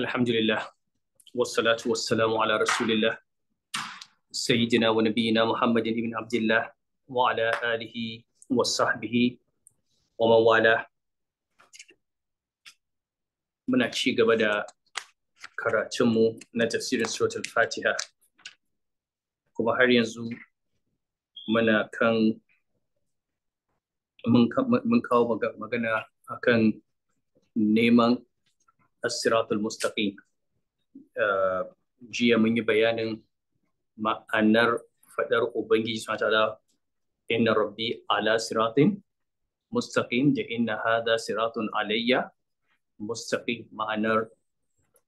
alhamdulillah wassalatu wassalamu ala rasulillah sayyidina wa nabiyina muhammadin ibn abdullah wa ala alihi wa sahbihi wa mawala muna ci gaba da mu na tafsirin suratul fatiha kuma har yanzu muna mun kawo magana akan neman as-siratul mustaqim jiya mun yi bayanin ma'anar fadar ubangiji subhanahu inna rabbi ala siratin mustaqim da inna hada siratun alayya mustaqim ma'anar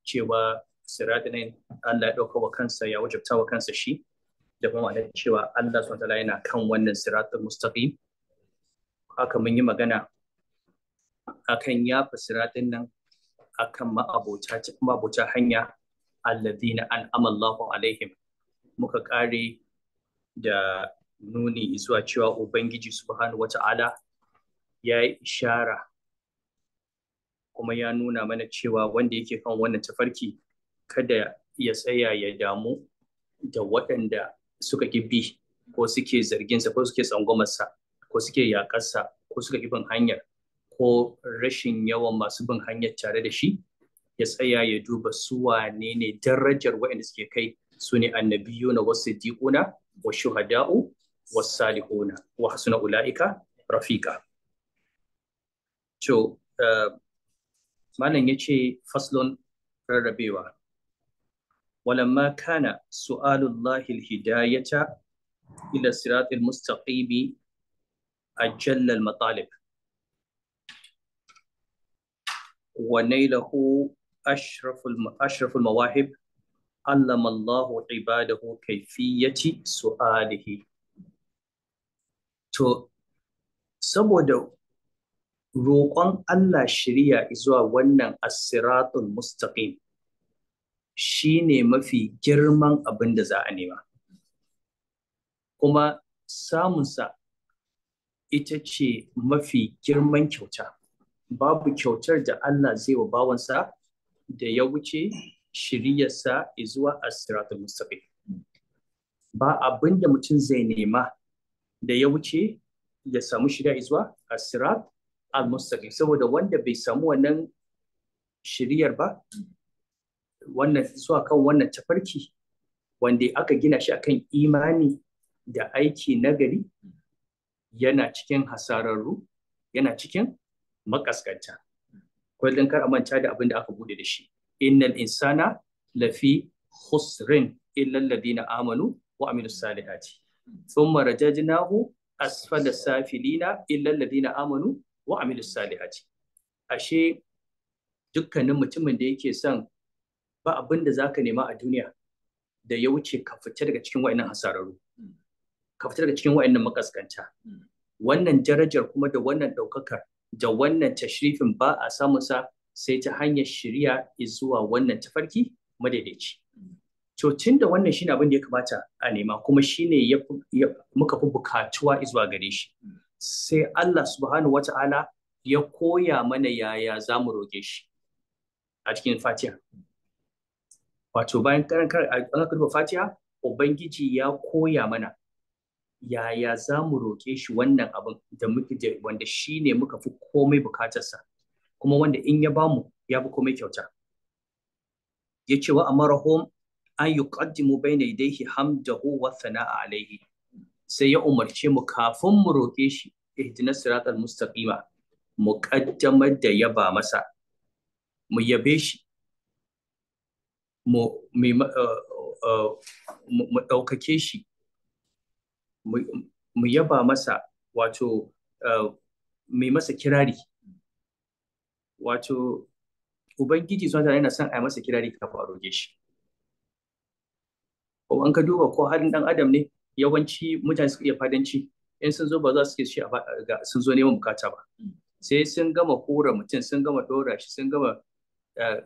cewa siratin Allah ya dauka wa kansa ya wajabta wa kansa shi da kuma ma'anar cewa Allah subhanahu yana kan wannan siratun mustaqim haka mun yi magana akan yafa siratin nan akan ma'abota ma'abota hanya alladhina an'ama Allahu alaihim muka kare da nuni zuwa cewa ubangiji subhanahu wata'ala ya yi ishara kuma ya nuna mana cewa wanda yake kan wannan tafarki kada ya tsaya ya damu da waɗanda suka bi ko suke zarginsa ko suke tsangwamarsa ko suke yaƙarsa ko suka bin hanyar ko rashin yawan masu bin hanyar tare da shi ya tsaya ya duba su wane ne darajar waɗanda suke kai su ne na wasu diƙuna wa shuhada'u wa salihuna wa hasuna ula'ika rafiqa to eh, malam ya ce faslon rarrabewa ولما كان سؤال الله الهداية إلى الصراط المستقيم أجل المطالب ونيله أشرف أشرف المواهب علم الله عباده كيفية سؤاله to saboda roƙon Allah shirya zuwa wannan Asiratun mustaqim shi ne mafi girman abin da za a nema kuma samunsa ita ce mafi girman kyauta babu kyautar da Allah zai wa bawansa da ya wuce shiriyarsa zuwa asiratul mustaqim ba abin da mutum zai nema da ya wuce ya samu shirya zuwa asirat al-mustaqim saboda wanda bai samu wannan shiriyar ba wannan zuwa kan wannan tafarki wanda aka gina shi akan imani da aiki nagari yana cikin hasararru yana cikin makaskanta kullum kar a manta da abin da aka bude da shi innal insana lafi khusrin illa alladhina amanu wa amilus salihati thumma rajajnahu asfala safilina illa alladhina amanu wa amilus salihati ashe dukkanin mutumin da yake son ba abin da zaka nema a duniya da ya wuce ka fita daga cikin wa'annan hasararru hmm. ka fita daga cikin wa'annan makaskanta hmm. wannan darajar kuma da wannan daukakar da wannan tashrifin ba a samu sa sai ta hanyar shirya zuwa wannan tafarki madaidaici to tun da wannan shine abin da ya kamata a nema kuma shine muka fi bukatuwa zuwa gare shi sai Allah subhanahu wata'ala ya koya mana yaya za mu roge shi a cikin fatiha wato bayan karan a duba fatiha ubangiji ya koya mana yaya za mu roke shi wannan abin da muke wanda shi ne muka fi komai bukatarsa kuma wanda in ya bamu ya fi komai kyauta ya ce wa amarahum an yuqaddimu bayna yadayhi hamdahu wa sana'a alayhi sai ya umarce mu kafin mu roƙe shi ihdina siratal mustaqima mu kaddamar da yaba masa mu yabe shi mu eh, eh, ɗaukake shi mu yaba masa wato eh, mai masa kirari wato ubangiji sun yana son a yi masa kirari ka faru roge shi ko an ka duba ko halin dan adam ne yawanci mutane suka iya fadanci in sun zo ba za su ke shi sun zo neman bukata ba sai sun gama hura mutum sun gama dora shi sun gama eh,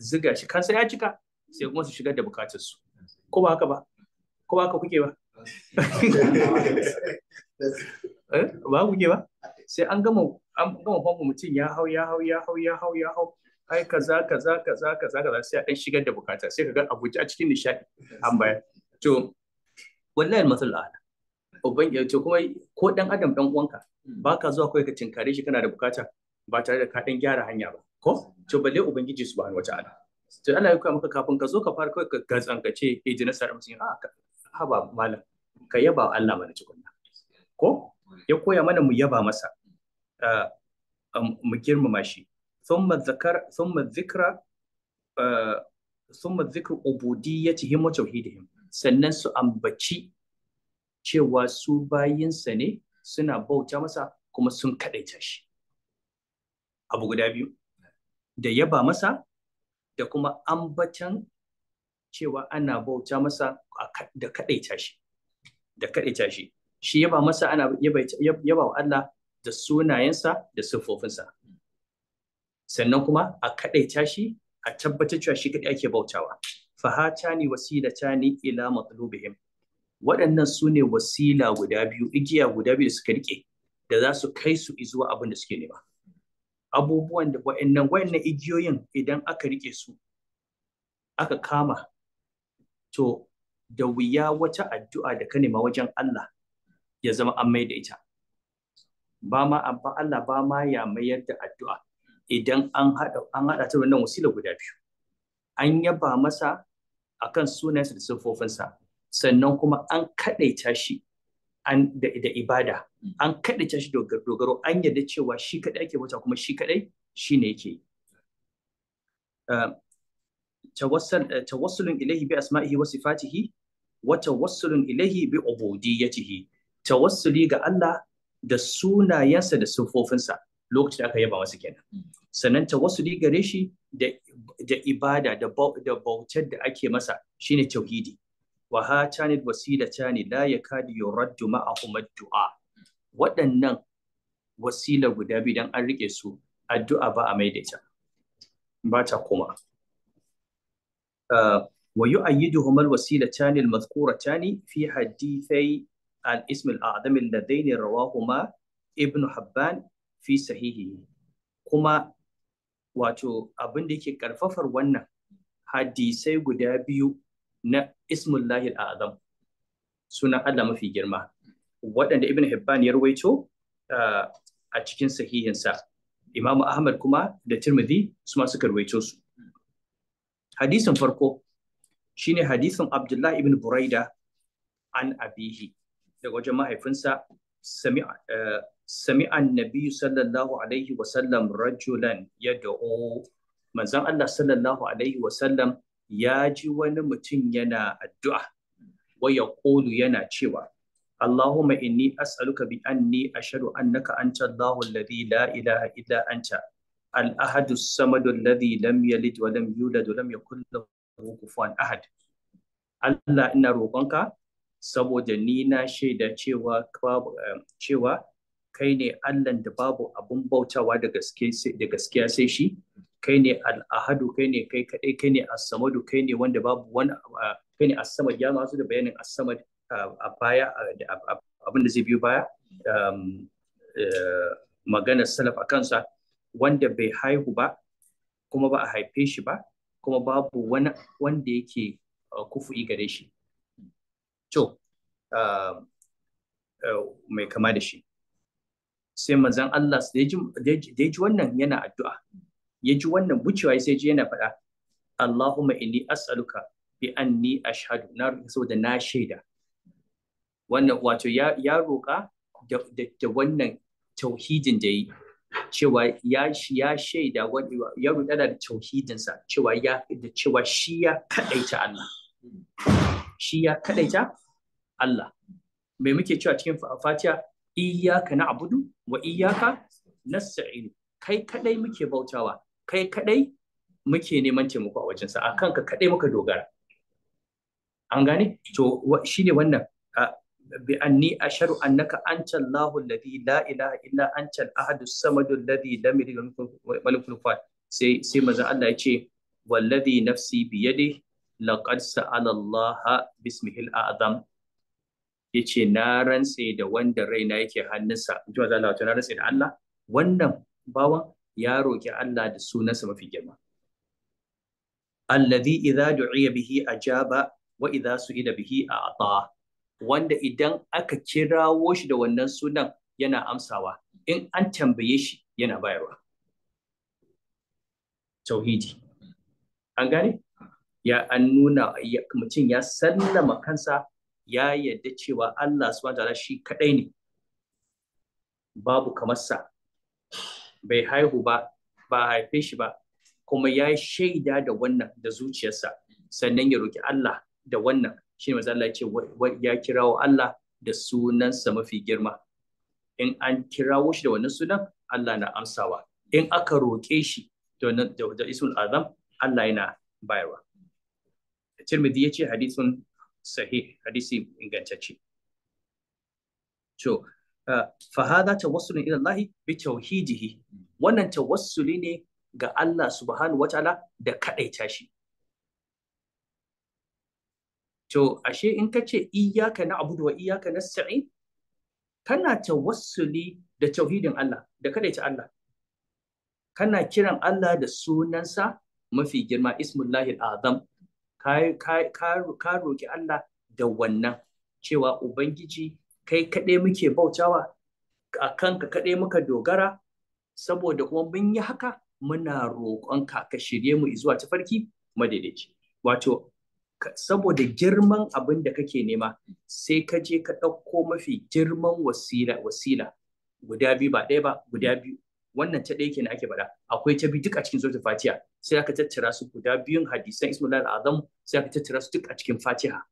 ziga shi kansa ya cika sai kuma su shigar da bukatarsu ko ba haka ba ko ba haka kuke ba Eh, ba ku ba sai an gama an gama famfo mutum ya hau ya hau ya hau ya hau ya hau ai kaza kaza kaza kaza kaza sai a dan shigar da bukata sai ka ga abuja a cikin nishadi an bayar to wallahi masal ala uban to kuma ko dan adam dan uwanka baka zuwa kawai ka tinkare shi kana da bukata ba tare da ka dan gyara hanya ba ko to balle ubangiji subhanahu wataala to Allah ya koya maka kafin ka zo ka fara kawai ka gazankace eh jinasar mutum ah, a haba malam ka yaba Allah mana tukunna ko ya koya mana mu yaba masa ah, mu girmama shi thumma zakar thumma zikra ah, thumma zikru ubudiyyatihim wa tauhidihim sannan su ambaci cewa su bayinsa ne suna bauta masa kuma sun kadaita shi abu guda biyu da yaba masa da kuma ambatan cewa ana bauta masa da kadaita shi da kaɗaita shi shi yaba masa ana yaba wa Allah da sunayensa da siffofinsa sannan kuma a kaɗaita shi a tabbatar cewa shi kaɗai ake bautawa fahatani wasilatani ila matlubihim waɗannan su ne wasila guda biyu igiya guda biyu da suka rike da za su kai su zuwa abin da suke nema abubuwan da waɗannan waɗannan igiyoyin idan aka rike su aka kama to da wuya wata addu'a da ka nema wajen Allah ya zama an mai da ita ba ma abba Allah ba ma ya mayar da addu'a idan an haɗa an ta wannan wasila guda biyu an yaba masa a kan sunansa da siffofinsa sannan kuma an kaɗaita shi da, ibada an kaɗaita shi dogaro an yarda cewa shi kaɗai ake wata kuma shi shi ne yake eh, eh, tawassulun ilaihi bi asma'ihi wa sifatihi Wata wasulin ilahi bi ya ta tawassuli ga Allah da sunayensa da sufofinsa lokacin aka yaba wasu kenan sannan tawassuli gare shi da ibada da bautar da ake masa shine tauhidi wa hatani wasilatani la yakadu yuraddu ma'ahum dua waɗannan wasila guda biyu dan an rike su addu'a ba a ita ba ta kuma. Ah, ويؤيدهما الوسيلتان المذكورتان في حديثي الاسم الأعظم اللذين رواهما ابن حبان fi sahihi kuma wato abin da yake karfafar wannan hadisai guda biyu na ismullahi azam sunan Allah mafi girma waɗanda ibn Hibban ya rawaito ah, a cikin sahihinsa Imam Ahmad kuma da Tirmidhi su ma suka rawaito su hadisin farko shine hadisin Abdullah ibn Buraida an abihi daga wajen mahaifinsa eh, sami'an nabi sallallahu alaihi wasallam rajulan ya da'o manzan Allah sallallahu alaihi wasallam ya ji wani mutum yana addu'a waya ƙolu yana cewa Allahumma inni as'aluka bi anni ashhadu annaka anta Allahu alladhi la ilaha illa anta al-ahadu samadu alladhi lam yalid wa lam yulad wa lam yakul kufuwan ahad Allah ina roƙonka saboda ni na shaida cewa eh, cewa kai ne Allah da babu abun bautawa da gaskiya sai shi kai ne ahadu kai ne kai kadai kai ne as-samadu kai ne wanda babu wani eh, kai ne as-samad ya masu da bayanin as-samad eh, a baya abin zai biyo baya um, magana salaf a kansa wanda bai haihu ba kuma ba a haife shi ba kuma babu wani wanda yake uh, kufu'i gare shi to uh, uh, mai kama da shi sai mazan Allah da ji wannan yana addu'a ya ji wannan bucewa sai ji yana faɗa Allahumma inni as'aluka bi anni ashhadu na saboda na shaida wannan wato ya roƙa da wannan tauhidin da yi cewa ya ya shaida ya rudu da tauhidinsa cewa ya da cewa shi ya kadaita Allah shi ya kadaita Allah me muke cewa cikin Fatiha iyyaka na'budu wa iyyaka nasta'in kai kadai muke bautawa kai kadai muke neman taimako a wajensa a kanka kadai muka dogara an gane to shine wannan Bi'anni anni asharu annaka anta Allahu la ilaha illa anta ahadu as-samadu alladhi lam yalid wa sai sai manzo Allah ya ce walladhi nafsi bi da laqad sa'ala Allah bismihil a'zam yace na rantse da wanda raina yake hannunsa in ji Allah na rantse da Allah wannan bawan ya roki Allah da sunansa mafi girma alladhi idza du'iya bihi ajaba wa idza su'ila bihi a'ta wanda idan aka kirawo shi da wannan sunan yana amsawa in an tambaye shi yana bayarwa tauhidi an gane ya an nuna mutum ya sallama kansa ya yadda cewa Allah subhanahu wa shi kadai ne babu kamar sa bai haihu ba ba haife shi ba kuma ya shaida da wannan da zuciyarsa sannan ya roki Allah da wannan shine manzo Allah ce ya kirawo Allah da sunansa mafi girma in an kirawo shi da wannan sunan Allah na amsawa in aka roƙe shi da da isul azam Allah yana bayarwa Tirmidhi yace hadithun sahih hadisi ingantacce to uh, fa hada tawassulun ila Allah bi tauhidihi wannan tawassuli ne ga Allah subhanahu wataala da kadaita shi to ashe in ka ce iyaka na abudu wa iyaka iyyaka nasta'in kana tawassuli da tauhidin Allah da ta Allah kana kiran Allah da sunansa mafi girma ismullahi azam ka roƙi Allah da wannan cewa ubangiji kai kaɗai muke bautawa a kanka kaɗai muka dogara saboda kuma mun yi haka muna roƙonka ka shirye mu zuwa tafarki madaidaici wato saboda girman abin da kake nema sai ka je ka ɗauko mafi girman wasila wasila guda biyu ba ɗaya ba guda biyu wannan ta ɗaya kenan ake faɗa akwai ta biyu duk a cikin suratul fatiha sai aka tattara su guda biyun hadisan ismulal azam sai aka tattara su duk a cikin fatiha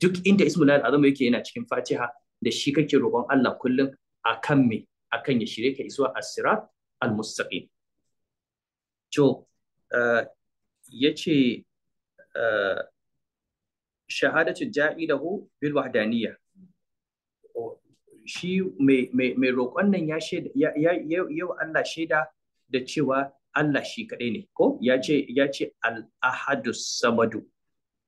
duk inda ismulal azam yake yana cikin fatiha da shi kake roƙon Allah kullum akan me akan ya shirye ka zuwa as-sirat al-mustaqim to eh, yace eh, shahadatu hu bil wahdaniyya shi mai roƙon nan ya shaida yau Allah shaida da cewa Allah shi kadai ne ko ya ce ya ce al-ahadu samadu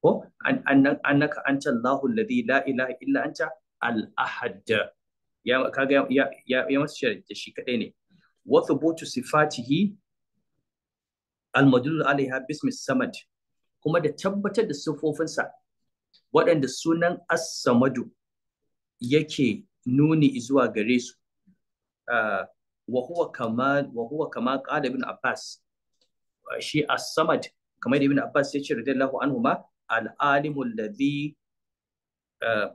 ko annaka anta Allahu alladhi la ilaha illa anta al-ahad ya kaga ya ya masa shaida shi kadai ne wa thubutu sifatihi al-madlul alaiha bismi samad kuma da tabbatar da sifofinsa waɗanda sunan as-samadu yake nuni zuwa gare su ah, wa huwa kama wa huwa kama abbas ah, shi as-samad kamar ibn abbas ya ce radiyallahu anhuma al-alimu alladhi ah,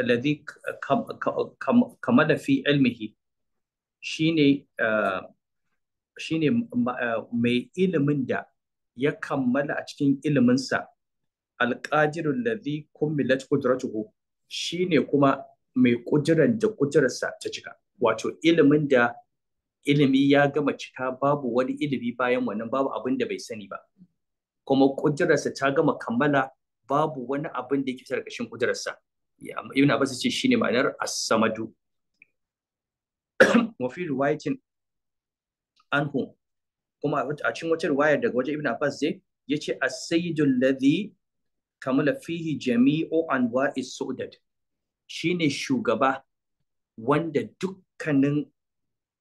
alladhi da fi ilmihi shine shine mai ilimin da ya kammala a cikin iliminsa alƙadirul ladhi kummilat shi shine kuma mai kudiran da kudirarsa ta cika wato ilimin da ilimi ya gama cika babu wani ilimi bayan wannan babu abin da bai sani ba kuma kudirarsa ta gama kammala babu wani abin da yake fitar ƙarshen kudirarsa ibn abbas ce shine ma'anar as-samadu wa fi riwayatin anhu kuma a cikin wata riwaya daga wajen ibn abbas zai yace as-sayyidul ladhi kamula fihi jami'u anwa'i su'dad shine shugaba wanda dukkanin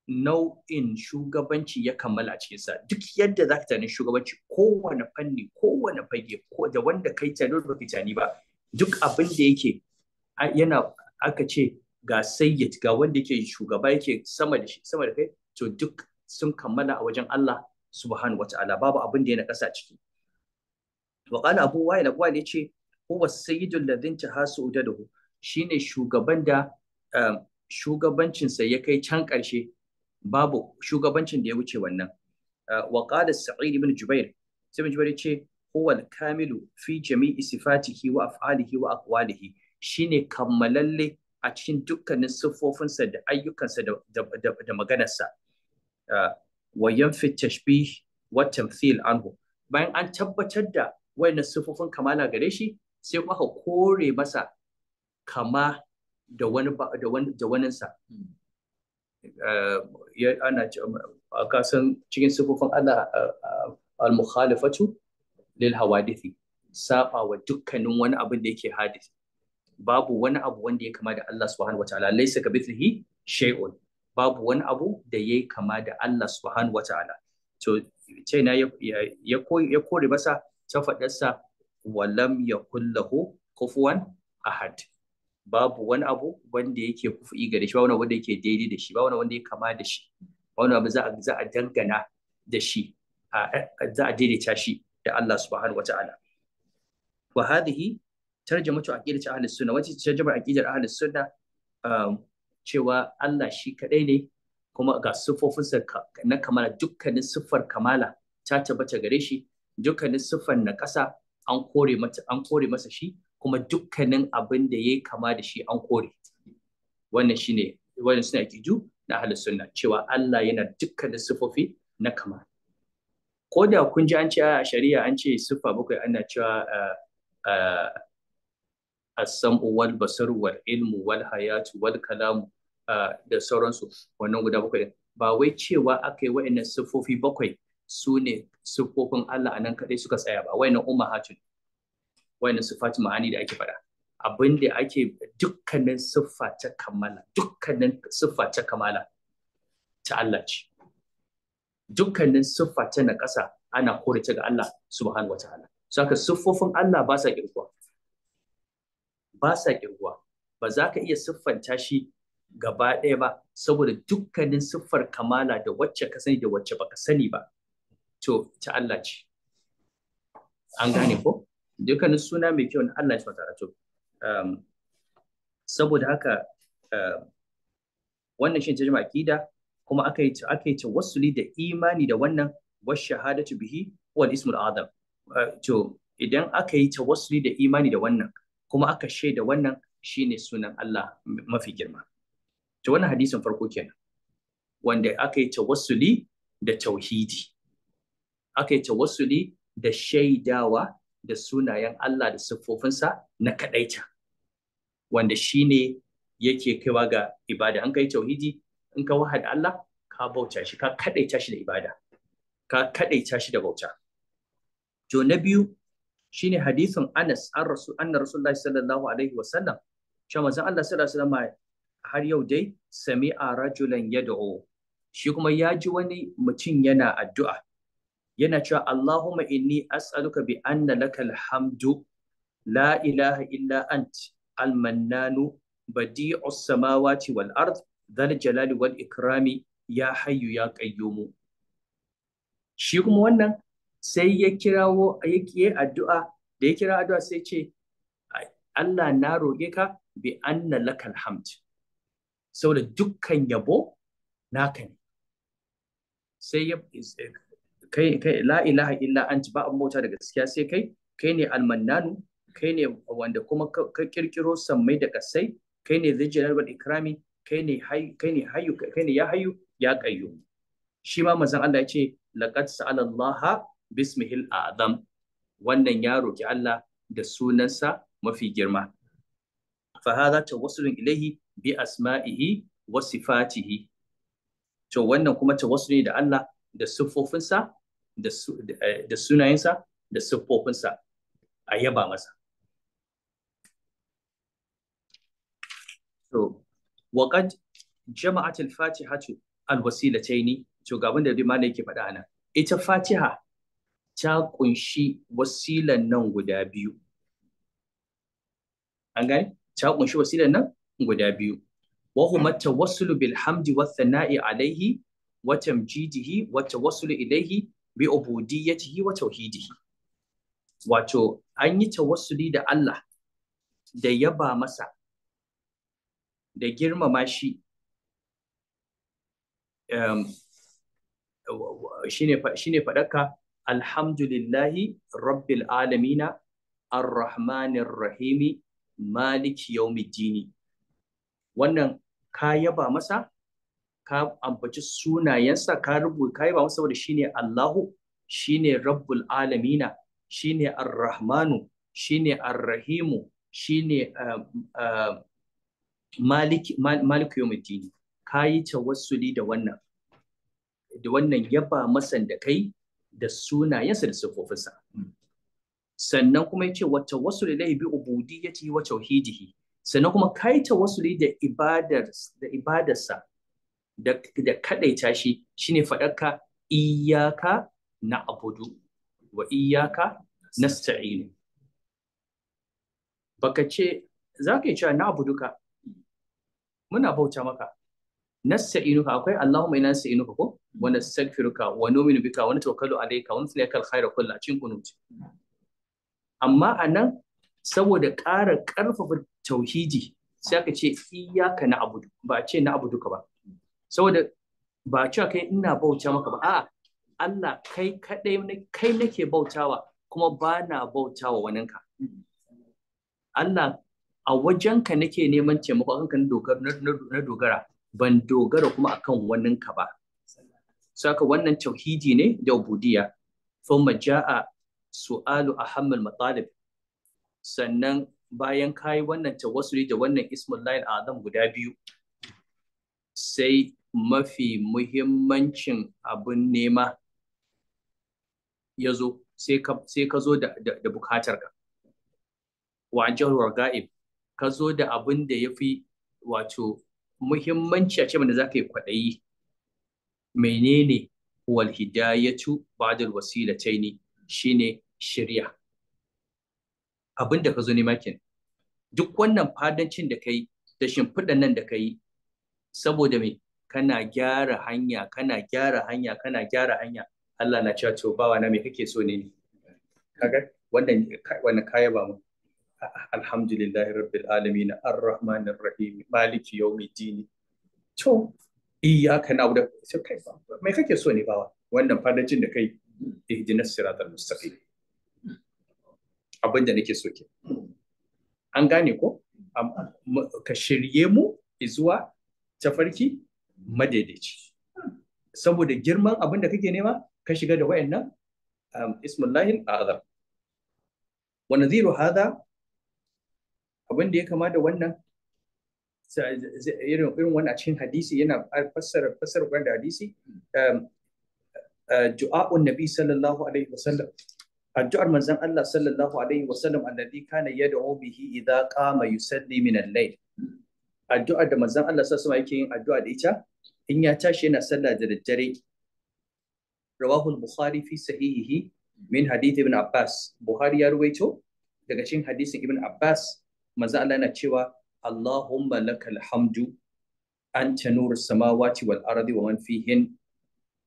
nau'in shugabanci ya kammala a cikinsa duk yadda za ka tani shugabanci kowane fanni kowane fage ko da wanda kai tani da baka tani ba duk abin da yake yana aka ce ga sayyid ga wanda yake shugaba yake sama da shi sama da kai to duk sun kammala a wajen Allah subhanahu wataala babu abin da na ƙasa ciki wa qala abu wa'il abu wa'il yace huwa sayyidul ladin taha su'udadahu shine shugaban da um, shugabancin ya kai can karshe babu shugabancin da ya wuce wannan uh, wa qala sa'id ibn jubair sai ibn jubair yace huwa kamilu fi jami'i sifatihi wa af'alihi wa aqwalihi shine kammalalle a cikin dukkanin siffofinsa da ayyukansa da maganarsa uh, wa yanfi tashbih wa tamthil anhu bayan an tabbatar da wayannan sifofin kamala gare shi sai kuma kore masa kama da wani da wani da waninsa eh, ana kasan cikin sifofin Allah eh, al-mukhalifatu lil hawadithi saba wa dukkanin wani abin da yake hadith babu wani abu wanda ya kama da Allah subhanahu wataala laysa ka mithlihi shay'un babu wani abu da yayi kama da Allah subhanahu wataala to ce na ya kore masa ta faɗarsa walam ya kullahu kufuwan ahad babu wani abu wanda yake kufi ga shi ba wani wanda yake daidai da shi ba wani wanda ya kama da shi ba wani abu za a dangana da shi za a daidaita shi da Allah subhanahu wata'ala wa hadhihi tarjamatu aqidat ahli sunnah wace tarjamar aqidar ahli sunna um, cewa Allah shi kadai ne kuma ga siffofinsa na kamala dukkanin siffar kamala ta tabbata gare shi dukkanin siffan na ƙasa an kore mata an kore masa shi kuma dukkanin abin da yayi kama da shi an kore wannan shine wannan suna kiju na halin sunna cewa Allah yana dukkanin sifofi na kama ko da kun ji an ce a shari'a an ce siffa bakwai ana cewa eh, eh, as-sam'u wal basaru wal ilmu wal hayatu wal kalamu eh, da sauransu wannan guda bakwai ba wai cewa aka yi wa'annan siffofi bakwai su ne siffofin Allah a nan kaɗai suka tsaya ba wayannan wai na sifatu ma'ani da ake faɗa abin da ake dukkanin siffa ta kamala dukkanin siffa ta kamala ta Allah ce dukkanin siffa ta na ƙasa ana kore ta ga Allah subhanahu wataala saka siffofin Allah ba sa kirguwa ba sa kirguwa ba za ka iya siffanta shi gaba ɗaya ba saboda dukkanin siffar kamala da wacce ka sani da wacce baka sani ba to ta Allah ce an gane ko dukkanin suna mai kyau na Allah ya wata to um, saboda haka um, wannan shi tajma akida kuma aka yi aka yi wasuli da imani da wannan was shahadatu bihi wal ismul azam uh, to idan aka yi wasuli da imani da wannan kuma aka shaida wannan shine sunan Allah mafi girma to wannan hadisin farko kenan wanda aka yi wasuli da tauhidi aka yi tawassuli da shaidawa da sunayen Allah da siffofinsa na kadaita wanda shine yake kaiwa ga ibada an kai tauhidi in ka wahada Allah ka bauta shi ka kadaita shi da ibada ka kadaita shi da bauta to na biyu shine hadisin Anas an rasul anna rasulullahi sallallahu alaihi wasallam cewa manzon Allah sallallahu alaihi wasallam har yau dai sami'a rajulan yad'u shi kuma ya ji wani mutum yana addu'a yana cewa Allahumma inni as'aluka bi anna lakal hamdu la ilaha illa ant al-mannanu badi'u samawati wal ard dhal jalali wal ikrami ya hayyu ya qayyumu shi kuma wannan sai ya kirawo addu'a da ya kira addu'a sai ce Allah na roge ka bi anna lakal hamd saboda dukkan yabo naka ne sai ya kai kai la ilaha illa anti ba mota da gaskiya sai kai kai ne almannanu kai ne wanda kuma ka kirkiro sammai da kasai kai ne zijirar wal ikrami kai ne kai ne hayyu kai ne ya hayyu ya qayyu shi ma manzon Allah ya ce laqad sa'ala Allah bismihil a'zam wannan ya roki Allah da sunansa mafi girma fa hadha tawassulun ilayhi bi asma'ihi wa sifatihi to wannan kuma tawassuli da Allah da siffofinsa Eh, da sunayensa da siffofinsa a yaba masa. So, waƙad jama'at al-fatihatu al ni to ga abin da Rimana yake faɗa ana. Ita fatiha ta ƙunshi wasilan nan guda biyu. An gane? Ta kunshi wasilan nan guda biyu. hamdi wa التوسل alaihi والثناء عليه وتمجيده والتوسل إليه bi ubudiyyatihi wa tauhidihi wato an yi tawassuli da Allah da yaba masa da girmama shi um, shine faɗaka alhamdulillahi rabbil alamina arrahmanir rahimi maliki yaumiddini wannan ka yaba masa ka ambaci sunayensa ka rubuta kai ba saboda shine Allahu shine Rabbul Alamina shine Ar-Rahmanu shine Ar-Rahimu shine Malik um, um, Malik Yawmiddin ta tawassuli da wannan da wannan yaba masan da kai da sunayensa da sifofinsa sannan kuma yace wa tawassul ilayhi bi ubudiyyati wa tauhidihi sannan kuma kai tawassuli da ibadar da ibadarsa da kadaita shi shine faɗarka iyaka na abudu wa iyaka na nasta'inu baka ce za ka yi cewa na abuduka muna bauta maka nasta'inuka akwai Allahumma inna nasta'inuka ko wa nastaghfiruka wa nu'minu bika wa natawakkalu alayka wa nusliku alkhayra kullu cin kunu. amma anan saboda ƙara ƙarfafa tauhidi sai ka ce iyaka na abudu ba a ce na abuduka ba saboda ba cewa kai ina bauta maka ba a'a Allah kai kadai kai nake bautawa kuma ba na bautawa waninka Allah a wajenka nake neman taimako akan kan na dogara ban dogara kuma akan waninka ba saka wannan tauhidi ne da ubudiya thumma jaa su'alu ahammal matalib sannan bayan kayi wannan tawassuli da wannan ismullahi azam guda biyu sai mafi muhimmancin abin nema ya zo sai ka zo da bukatarka wa an ga'ib ka zo da abin da ya fi wato muhimmanci a ce da za ka yi kwaɗayi menene wal hidayatu ba'dal wasilataini shine shirya abin da ka zo nema duk wannan fadancin da kai da shimfiɗan nan da ka yi saboda me kana gyara hanya kana gyara hanya kana gyara hanya Allah na cewa to bawa na me kake so ne ni kaga wannan wannan kaya ba mu alhamdulillahi rabbil alamin arrahmanir rahim maliki yawmiddin to iyyaka na'budu sai kai ba me kake so ne bawa wannan fadacin da kai ihdinas siratal mustaqim abin da nake so ke an gane ko ka shirye mu izuwa tafarki madaidaici saboda girman abin da kake nema ka shiga da wayannan um, ismullahi azam wa naziru hadha abin da ya kama da wannan irin irin wannan a cikin hadisi yana fassara fassara wannan hadisi um, uh, du'a'un nabi sallallahu alaihi wasallam addu'ar manzon Allah sallallahu alaihi wasallam alladhi kana yad'u bihi idza qama yusalli min al-layl Addu'a da manzon Allah sallallahu alaihi yake yin addu'a da ita in ya tashi yana sallah da daddare rawahu al-bukhari fi sahihihi min hadith ibn abbas buhari ya ruwaito daga cikin hadisin ibn abbas manzon Allah yana cewa Allahumma lakal hamdu anta nurus samawati wal ardi wa man fihin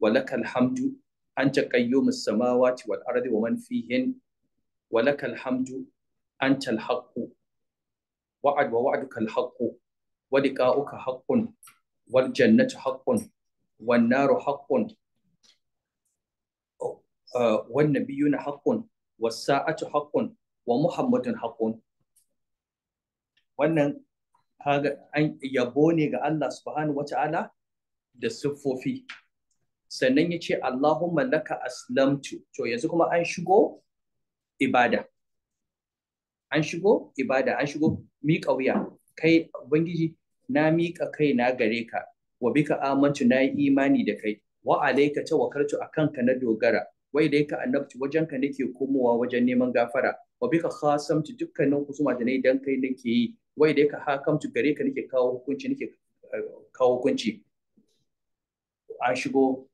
wa lakal hamdu anta qayyumus samawati wal ardi wa man fihin wa lakal hamdu anta al-haqqu wa'ad wa wa'duka al-haqqu ولقاؤك حق والجنة حق والنار حق والنبيون حق والساعة حق ومحمد حق wannan an yabo ne ga Allah subhanahu wata'ala da siffofi sannan ya ce Allahumma laka aslamtu to yanzu kuma an shigo ibada an shigo ibada an shigo miƙa wuya kai ubangiji na miƙa kai na gare ka wa bika amantu na yi imani da kai wa alaika tawakkaltu a kanka na dogara wai dai ka annabci wajen ka nake komowa wajen neman gafara wa bika khasamtu dukkanin husuma da nayi dan kai nake yi wai dai ka hakamtu gare ka nake kawo hukunci nake eh, kawo hukunci an shigo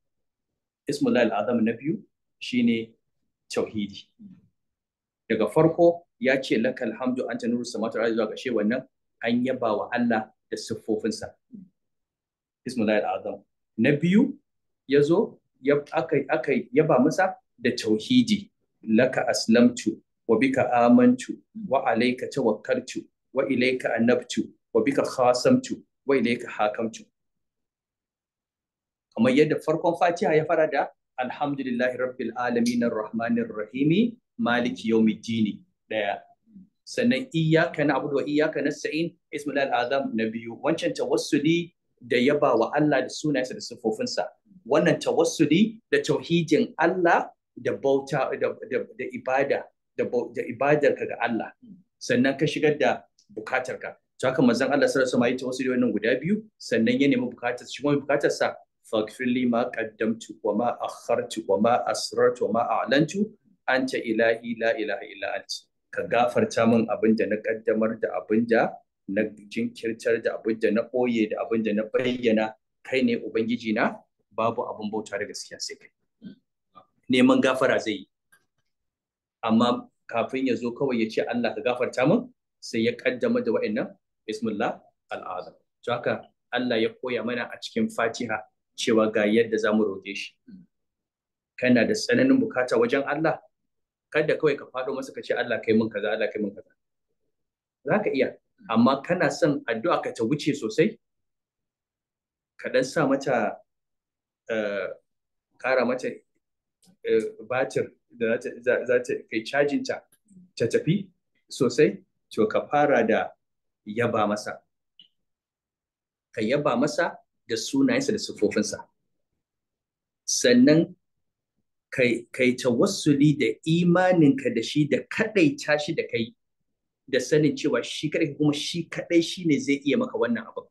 azam na biyu shine tauhidi daga farko ya ce laka alhamdu anta nuru samatu zuwa ga wannan an yaba wa Allah da siffofinsa ismullahi azam na biyu ya zo aka yaba masa da tauhidi laka aslamtu wa bika amantu wa alayka tawakkaltu wa ilayka anabtu wa bika khasamtu wa ilayka hakamtu kamar yadda farkon fatiha ya fara da alhamdulillahi rabbil alamin arrahmanir rahimi maliki yawmiddini daya sannan iyyaka na'budu wa iyyaka sa'in ismul azam na biyu wancan tawassuli da yaba wa Allah da sunayensa da sifofinsa wannan tawassuli da tauhidin Allah da bauta da ibada da ibadarka ga Allah sannan ka shigar da bukatarka to haka manzon Allah sallallahu alaihi wasallam tawassuli wannan guda biyu sannan ya nemi bukatar shi kuma bukatarsa faghfir ma qaddamtu wa ma akhartu wa ma asrartu wa ma a'lantu anta ilahi la ilaha illa anta ka gafarta min abin da na kaddamar da abin da na jinkirtar da abin da na ɓoye da abin da na bayyana kai ne ubangiji na babu abin bauta da gaskiya sai kai neman gafara zai yi amma kafin ya zo kawai ya ce Allah ka gafarta min sai ya kaddama da wa'annan bismillah al'azam to haka Allah ya koya mana a cikin Fatiha cewa ga yadda zamu roƙe shi kana da tsananin bukata wajen Allah kada kawai ka faɗo masa ka ce Allah kai mun kaza Allah kai mun kaza za ka iya amma kana son addu'a ka ta wuce sosai ka dan sa mata kara eh, mata eh, batir da za ta kai charging ta ta tafi sosai to ka fara da yaba masa ka yaba masa da sunayensa da sufofinsa sannan kai tawassuli da imaninka da shi da kaɗaita shi da kai da sanin cewa shi kadai kuma shi kadai shi ne zai iya maka wannan abin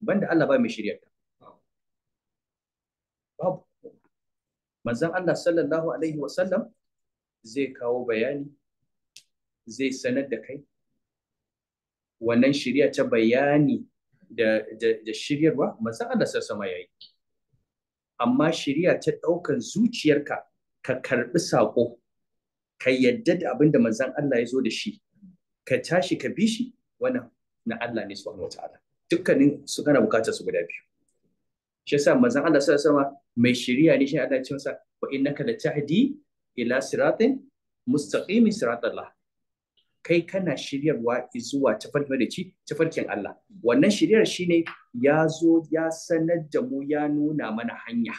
banda Allah ba mai shirya ka babu manzon Allah sallallahu alaihi wa sallam zai kawo bayani zai sanar da kai wannan shirya ta bayani da, da, shiryarwa manzon Allah sassama ya yi amma shiriya ta ɗaukan zuciyarka ka karɓi saƙo ka yadda da abin da manzan Allah ya zo da shi ka tashi ka bi shi wannan na Allah ne subhanahu wataala dukkanin su kana bukatar su guda biyu shi yasa manzan Allah sallallahu alaihi wasallam mai shiriya ne shi Allah ya ce masa wa innaka tahdi ila siratin mustaqimi siratallah kai kana shiryarwa zuwa tafarkin da ci tafarkin Allah wannan shiryar shine ya zo ya sanar da mu ya nuna mana hanya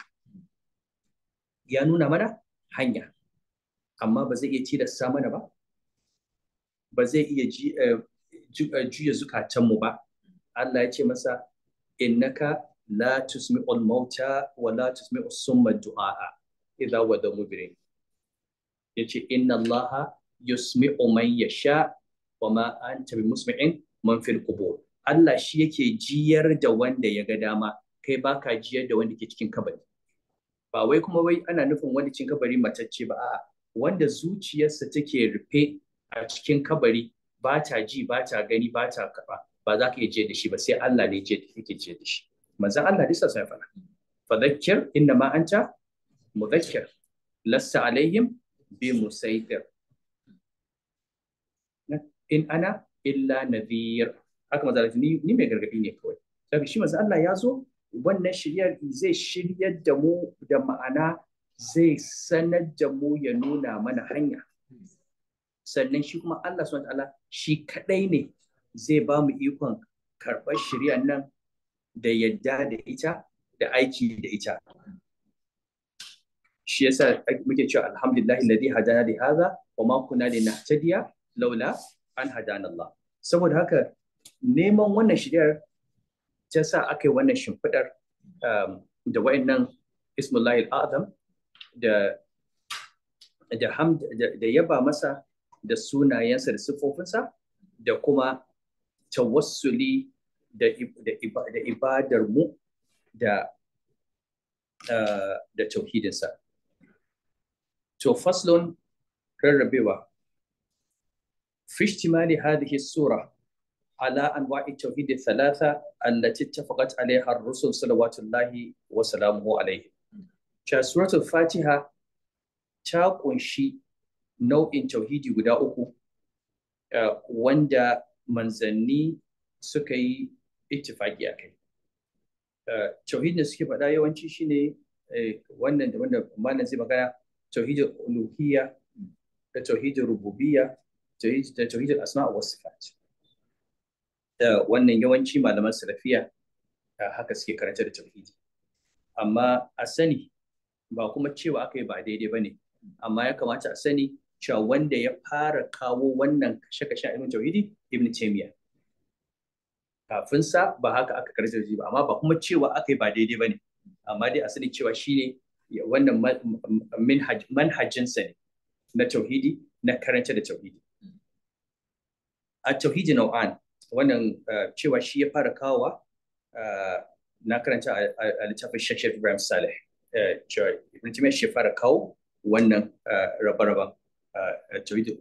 ya nuna mana hanya amma ba zai iya sa mana ba ba zai iya eh, eh, juya zukatanmu ba Allah ya ce masa innaka la tusmi mauta wa la tusmi'us summa du'a idza da mubirin yace inna Allah yusmi'u man yasha wa ma anta musmi'in man fil qubur Allah shi yake jiyar da wanda ya ga dama kai baka jiyar da wanda ke cikin kabari ba wai kuma wai ana nufin wanda cikin kabari matacce ba a'a wanda zuciyarsa take rufe a cikin kabari ba ta ji ba ta gani ba ta karba ba za ka iya jiyar da shi ba sai Allah ne yake jiyar da shi manzon Allah disa sai fara fadhakkir inna ma anta mudhakkir lasta alaihim bi musaitir in ana illa nadhir haka manzo ni ni mai gargadi ne kawai saboda shi manzo Allah ya zo wannan shiryar zai shiryar da mu da ma'ana zai sanar da mu ya nuna mana hanya sannan shi kuma Allah subhanahu shi kadai ne zai ba mu ikon karɓar shiryar nan da yadda da ita da aiki da ita shi yasa muke cewa alhamdulillah alladhi hadana li hadha wa ma kunna linahtadiya laula an hadana Allah saboda haka neman wannan shigar ta sa aka yi wannan shimfiɗar um, da wa'annan ismullahi al'adam da da hamd yaba masa da sunayensa da siffofinsa da kuma tawassuli da da ibadar mu da uh, da tauhidinsa to faslon rarrabewa fi ihtimali hadhihi sura ala anwa'i tauhid thalatha allati ittafaqat alaiha ar-rusul salawatullahi wa salamuhu alaihi cha fatiha ta kunshi nau'in tauhidi guda uku eh, wanda manzanni suka yi ittifaki a kai eh, Tauhidi da suke faɗa yawanci shine eh, wannan da wanda malam zai magana tauhidin uluhiyya da tauhidin rububiyya da tauhidin asma'a was da wannan yawanci malaman salafiya haka suke karanta da tauhidi amma a sani ba kuma cewa aka yi ba daidai ba ne amma ya kamata a sani cewa wanda ya fara kawo wannan kashe-kashe a ilimin tauhidi ibn taymiya kafin sa ba haka aka karanta da ba amma ba kuma cewa aka ba daidai ba ne amma dai a sani cewa shine wannan manhajinsa ne na tauhidi na karanta da tauhidi a tauhidi nau'an wannan eh, cewa shi ya fara kawowa eh, na karanta a littafin Sheikh Ibrahim Saleh eh, cewa Ibn Taymiyyah shi ya fara kawo wannan rabe-raben tawhid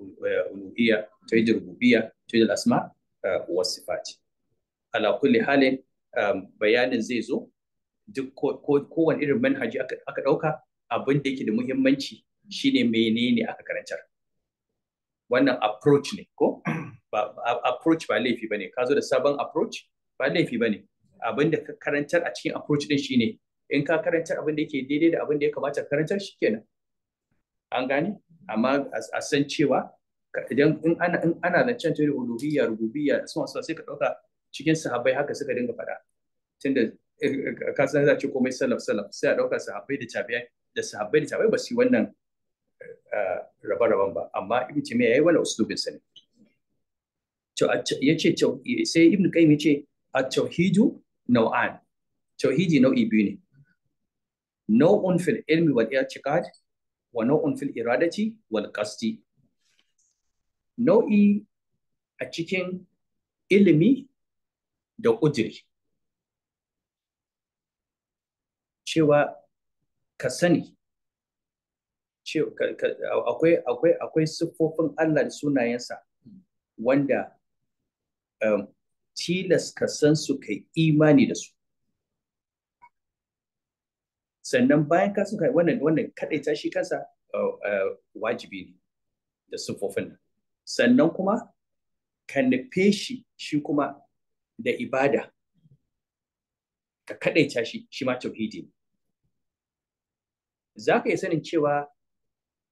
uluhiyya tawhid rububiyya tawhid al-asma wa sifat ala kulli halin bayanin zai zo duk kowane irin manhaji aka dauka abin da yake da muhimmanci shine menene aka karantar wannan approach ne ko approach ba laifi bane ka zo da sabon approach ba laifi bane abin da ka karantar a cikin approach din shine in ka karantar abin da yake daidai da abin da ya kamata karantar shikenan an gane amma a san cewa idan in ana in ana da can tare uluhiyya rububiyya sun wasu sai ka dauka cikin sahabbai haka suka dinga faɗa tunda eh, eh, ka san za ce komai salaf salaf sai a dauka sahabbai da tabi'ai da sahabbai da tabi'ai ba su yi wannan eh, rabe-raben ba amma ibn taymiya yayi wannan uslubin sa ne ya ce sai ibn qayyim ya ce a tauhidu nau'an tauhidi nau'i biyu ne nau'un fil ilmi wal i'tiqad wa nau'un fil iradati wal qasdi nau'i a cikin ilimi da ƙudiri cewa ka sani akwai akwai akwai siffofin Allah da sunayensa wanda Um, tilas ka san su kai imani da su sannan bayan ka suka wannan wannan kadaita shi kansa uh, uh, wajibi ne da siffofin sannan kuma ka nufe shi shi kuma da ibada ka kadaita shi shi ma tauhidi ne za ka iya sanin cewa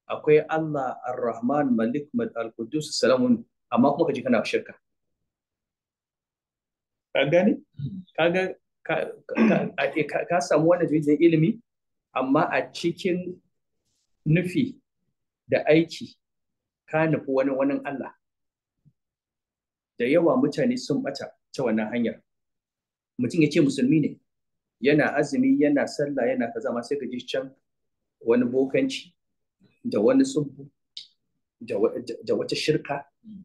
akwai Allah ar-Rahman Malik Al-Qudus Salamun amma kuma ka ji kana shirka ka hmm. kaga eh, ka samu wani jirgin ilimi amma a cikin nufi da aiki ka nufi wani wani Allah da yawa mutane sun bata ta wannan hanyar mutum ya ce musulmi ne yana azumi yana sallah yana kaza ma sai ka can wani bokanci da wani tsubu, da wata shirka hmm.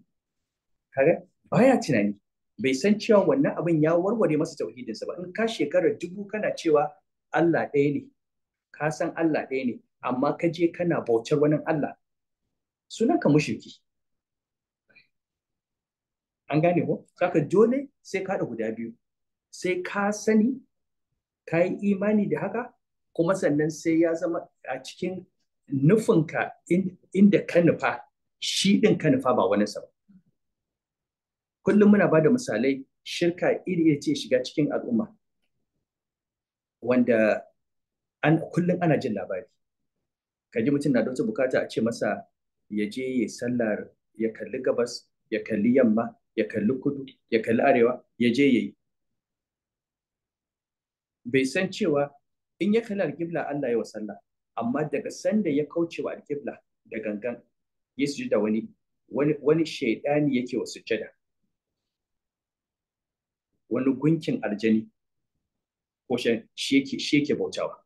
kaga baya tunani bai san cewa wannan abin ya warware masa tauhidinsa ba in ka shekara dubu kana cewa Allah ɗaya ne ka san Allah ɗaya ne amma ka je kana bautar wani Allah sunan ka mushriki an gane ko saka dole sai ka da guda biyu sai ka sani ka yi imani da haka kuma sannan sai ya zama a cikin nufinka inda ka nufa shi ɗin ka nufa ba wani sa kullum muna bada misalai shirka iri iri ce shiga cikin al'umma wanda an kullum ana jin labari ka ji mutum na da wata bukata a ce masa ya je ya sallar ya kalli gabas ya kalli yamma ya kalli kudu ya kalli arewa ya je ya yi bai san cewa in ya kalli alƙibla Allah ya wa sallah amma daga sanda ya kauce wa alƙibla da gangan ya sujada wani wani wani shaidani yake wa sujada wani gunkin aljani ko shi yake bautawa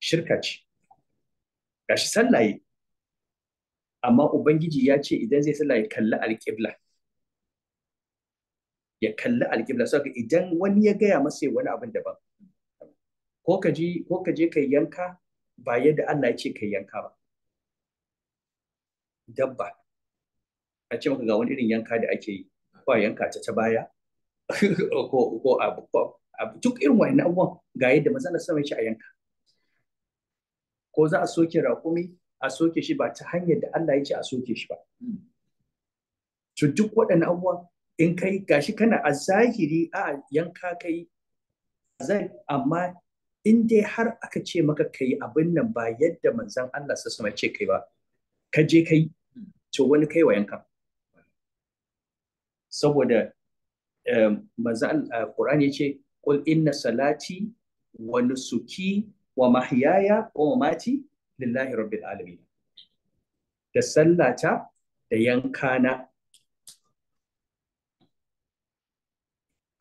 shirka ce shi sallaye amma ubangiji ya ce idan zai sallaye kalli alƙibla ya kalli alƙibla saboda idan wani ya gaya masa wani abin daban ko ka je ko ka je kai yanka ba yadda Allah ya ce kai yanka ba dabba a ce maka ga wani irin yanka da ake yi ko yanka ta ta baya ko abu duk irin wa'in abubuwan ga yadda maza na shi a yanka ko za a soke raƙumi a soke shi ba ta hanyar da Allah ya ce a soke shi ba to duk waɗannan abubuwan in kai gashi kana a zahiri a yanka kai zai amma in dai har aka ce maka kai abin nan ba yadda manzon Allah sa sama ce kai ba ka je kai to wani kai wa yankan saboda Eh, eh, Qur'an ya ce, qul inna salati wa nusuki wa mahyaya ko mamati lillahi rabbil alamin da sallata da yankana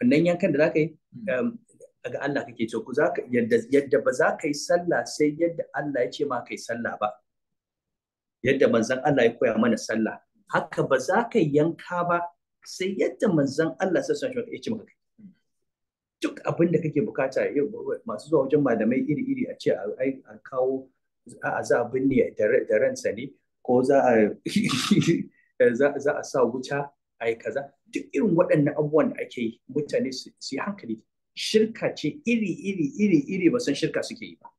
wannan yankan da zaka yi hmm. ga Allah kake ce ku yadda ba za ka yi sallah sai yadda Allah ya ce ma kai sallah ba yadda manzon Allah ya koya mana sallah haka ba za ka yanka ba sai yadda manzan Allah sassan shi ya ce maka duk abin da kake bukata yau masu zuwa wajen malamai iri-iri a ce a kawo a za a binne da ransa ne ko za a sa wuta a yi kaza duk irin waɗannan abubuwan da ake mutane su yi hankali shirka ce iri-iri iri-iri ba san shirka suke yi ba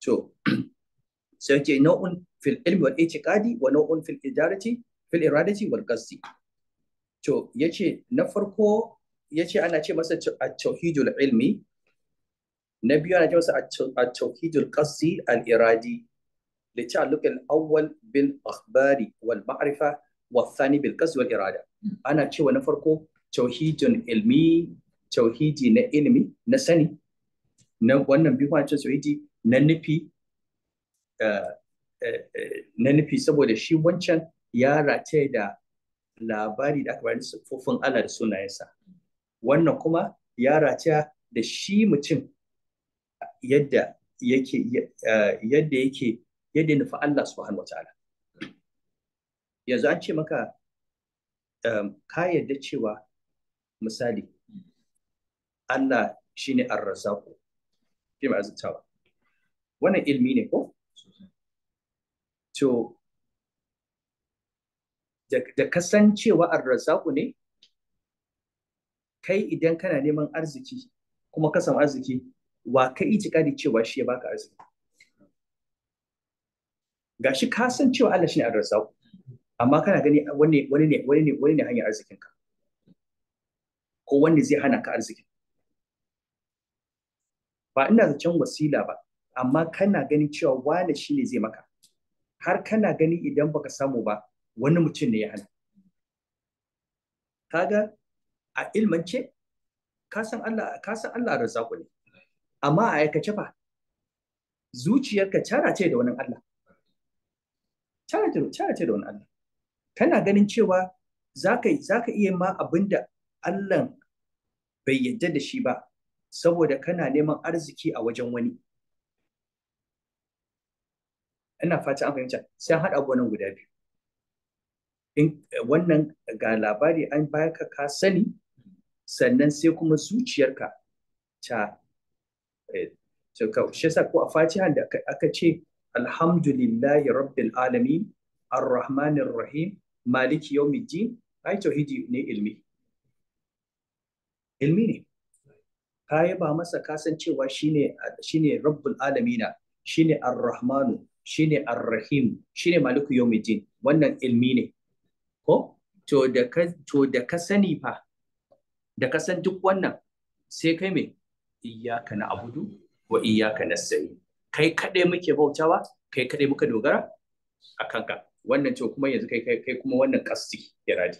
to sai ke nau'un fil ilmi wal itiqadi wa nau'un fil idarati fil iradati wal qasdi na farko yace ana ce masa at-tauhidul ilmi na biyu ana ce masa at-tauhidul qasdi al iradi li awwal bil akhbari wal ma'rifa wa thani bil qasdi wal ana ce wa na farko tauhidun ilmi tauhidi na ilimi na sani na wannan biyu ana ce tauhidi na eh, eh, eh, na nufi saboda shi wancan ya race da labari da aka bayar siffofin Allah da sunayensa wannan kuma ya race da shi mutum yadda yake yadda yake yadda nufi Allah subhanahu wataala yanzu an ce maka um, ka yarda cewa misali Allah shine ar-razzaqu shi mai azutawa wannan ilmi ne ko to da kasancewa arrazaku ne kai idan kana neman arziki kuma ka samu arziki wa ka kadi cewa shi ya baka arziki gashi ka san cewa Allah shine arzaku amma kana gani wani wani ne wani ne wani ne hanyar arzikin ka ko wanda zai hana ka arziki? ba ina da can wasila ba amma kana gani cewa wane shine zai maka har kana gani idan baka samu ba wani mutum ne ya hana kaga a ilmance ka san Allah a san ne amma a aikace fa zuciyarka cara ce da wani Allah cara ce da wani Allah kana ganin cewa za ka iya ma abinda Allah bai yadda da shi ba saboda kana neman arziki a wajen wani ina fata an fahimta sai haɗa abubuwan guda biyu in wannan ga labari an baka ka ka sani sannan sai kuma zuciyarka ta eh, ka shi sa ko a fatiha da aka ce alhamdulillahi rabbil alamin arrahmanir rahim maliki yawmiddin ai tauhidi ne ilmi ilmi ne kai ba masa kasancewa shine shine rabbul alamina shine arrahmanu shine arrahim shine maliku yawmiddin wannan ilmi ne ko to da ka to da ka sani fa da ka san duk wannan sai kai me iyyaka na abudu wa iyyaka nasta'in kai kadai muke bautawa kai kadai muka dogara a kanka wannan ce kuma yanzu kai kai kuma wannan kasti radi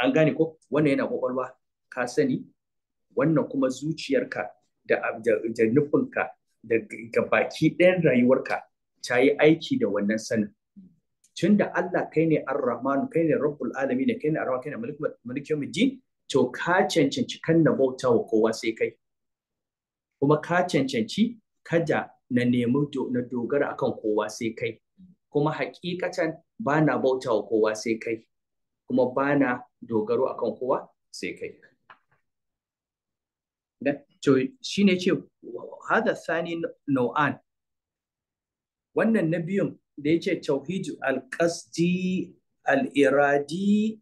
an gane ko wannan yana kwakwalwa ka sani wannan kuma zuciyarka da da nufinka da baki ɗayan rayuwarka ta yi aiki da wannan sanin tun da Allah kai ne ar-rahmanu kai ne rabbul ne kai ne ar-rahman kai ne malik yawmiddin to ka cancanci kan na bauta wa kowa sai kai kuma ka cancanci kada na nemi na dogara akan kowa sai kai kuma hakikatan ba na bauta wa kowa sai kai kuma ba na dogaro akan kowa sai kai to shine ce hada sani nau'an wannan na biyun da ya ce tauhidu alƙasdi al'iradi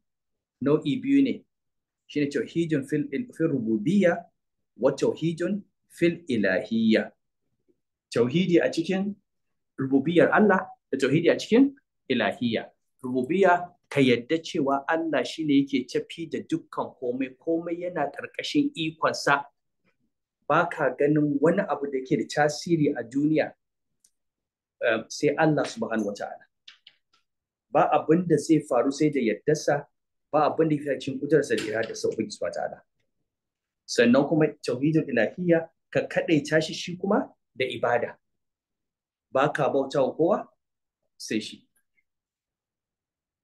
nau'i biyu ne shi ne tauhidun fil rububiyya wa tauhidun fil ilahiyya tauhidi a cikin rububiyar Allah da tauhidi a cikin ilahiyya rububiyya ka yadda cewa Allah shi ne yake tafi da dukkan komai komai yana ƙarƙashin ikonsa ba ka ganin wani abu da ke da tasiri a duniya Um, sai Allah subhanahu wata'ala ba abin da zai faru sai da yaddarsa ba abin da yake cikin kudarsa da sa ubangi subhanahu wata'ala sannan kuma tauhidul ilahiyya ka kadaita shi shi kuma da ibada ba ka bauta wa kowa sai shi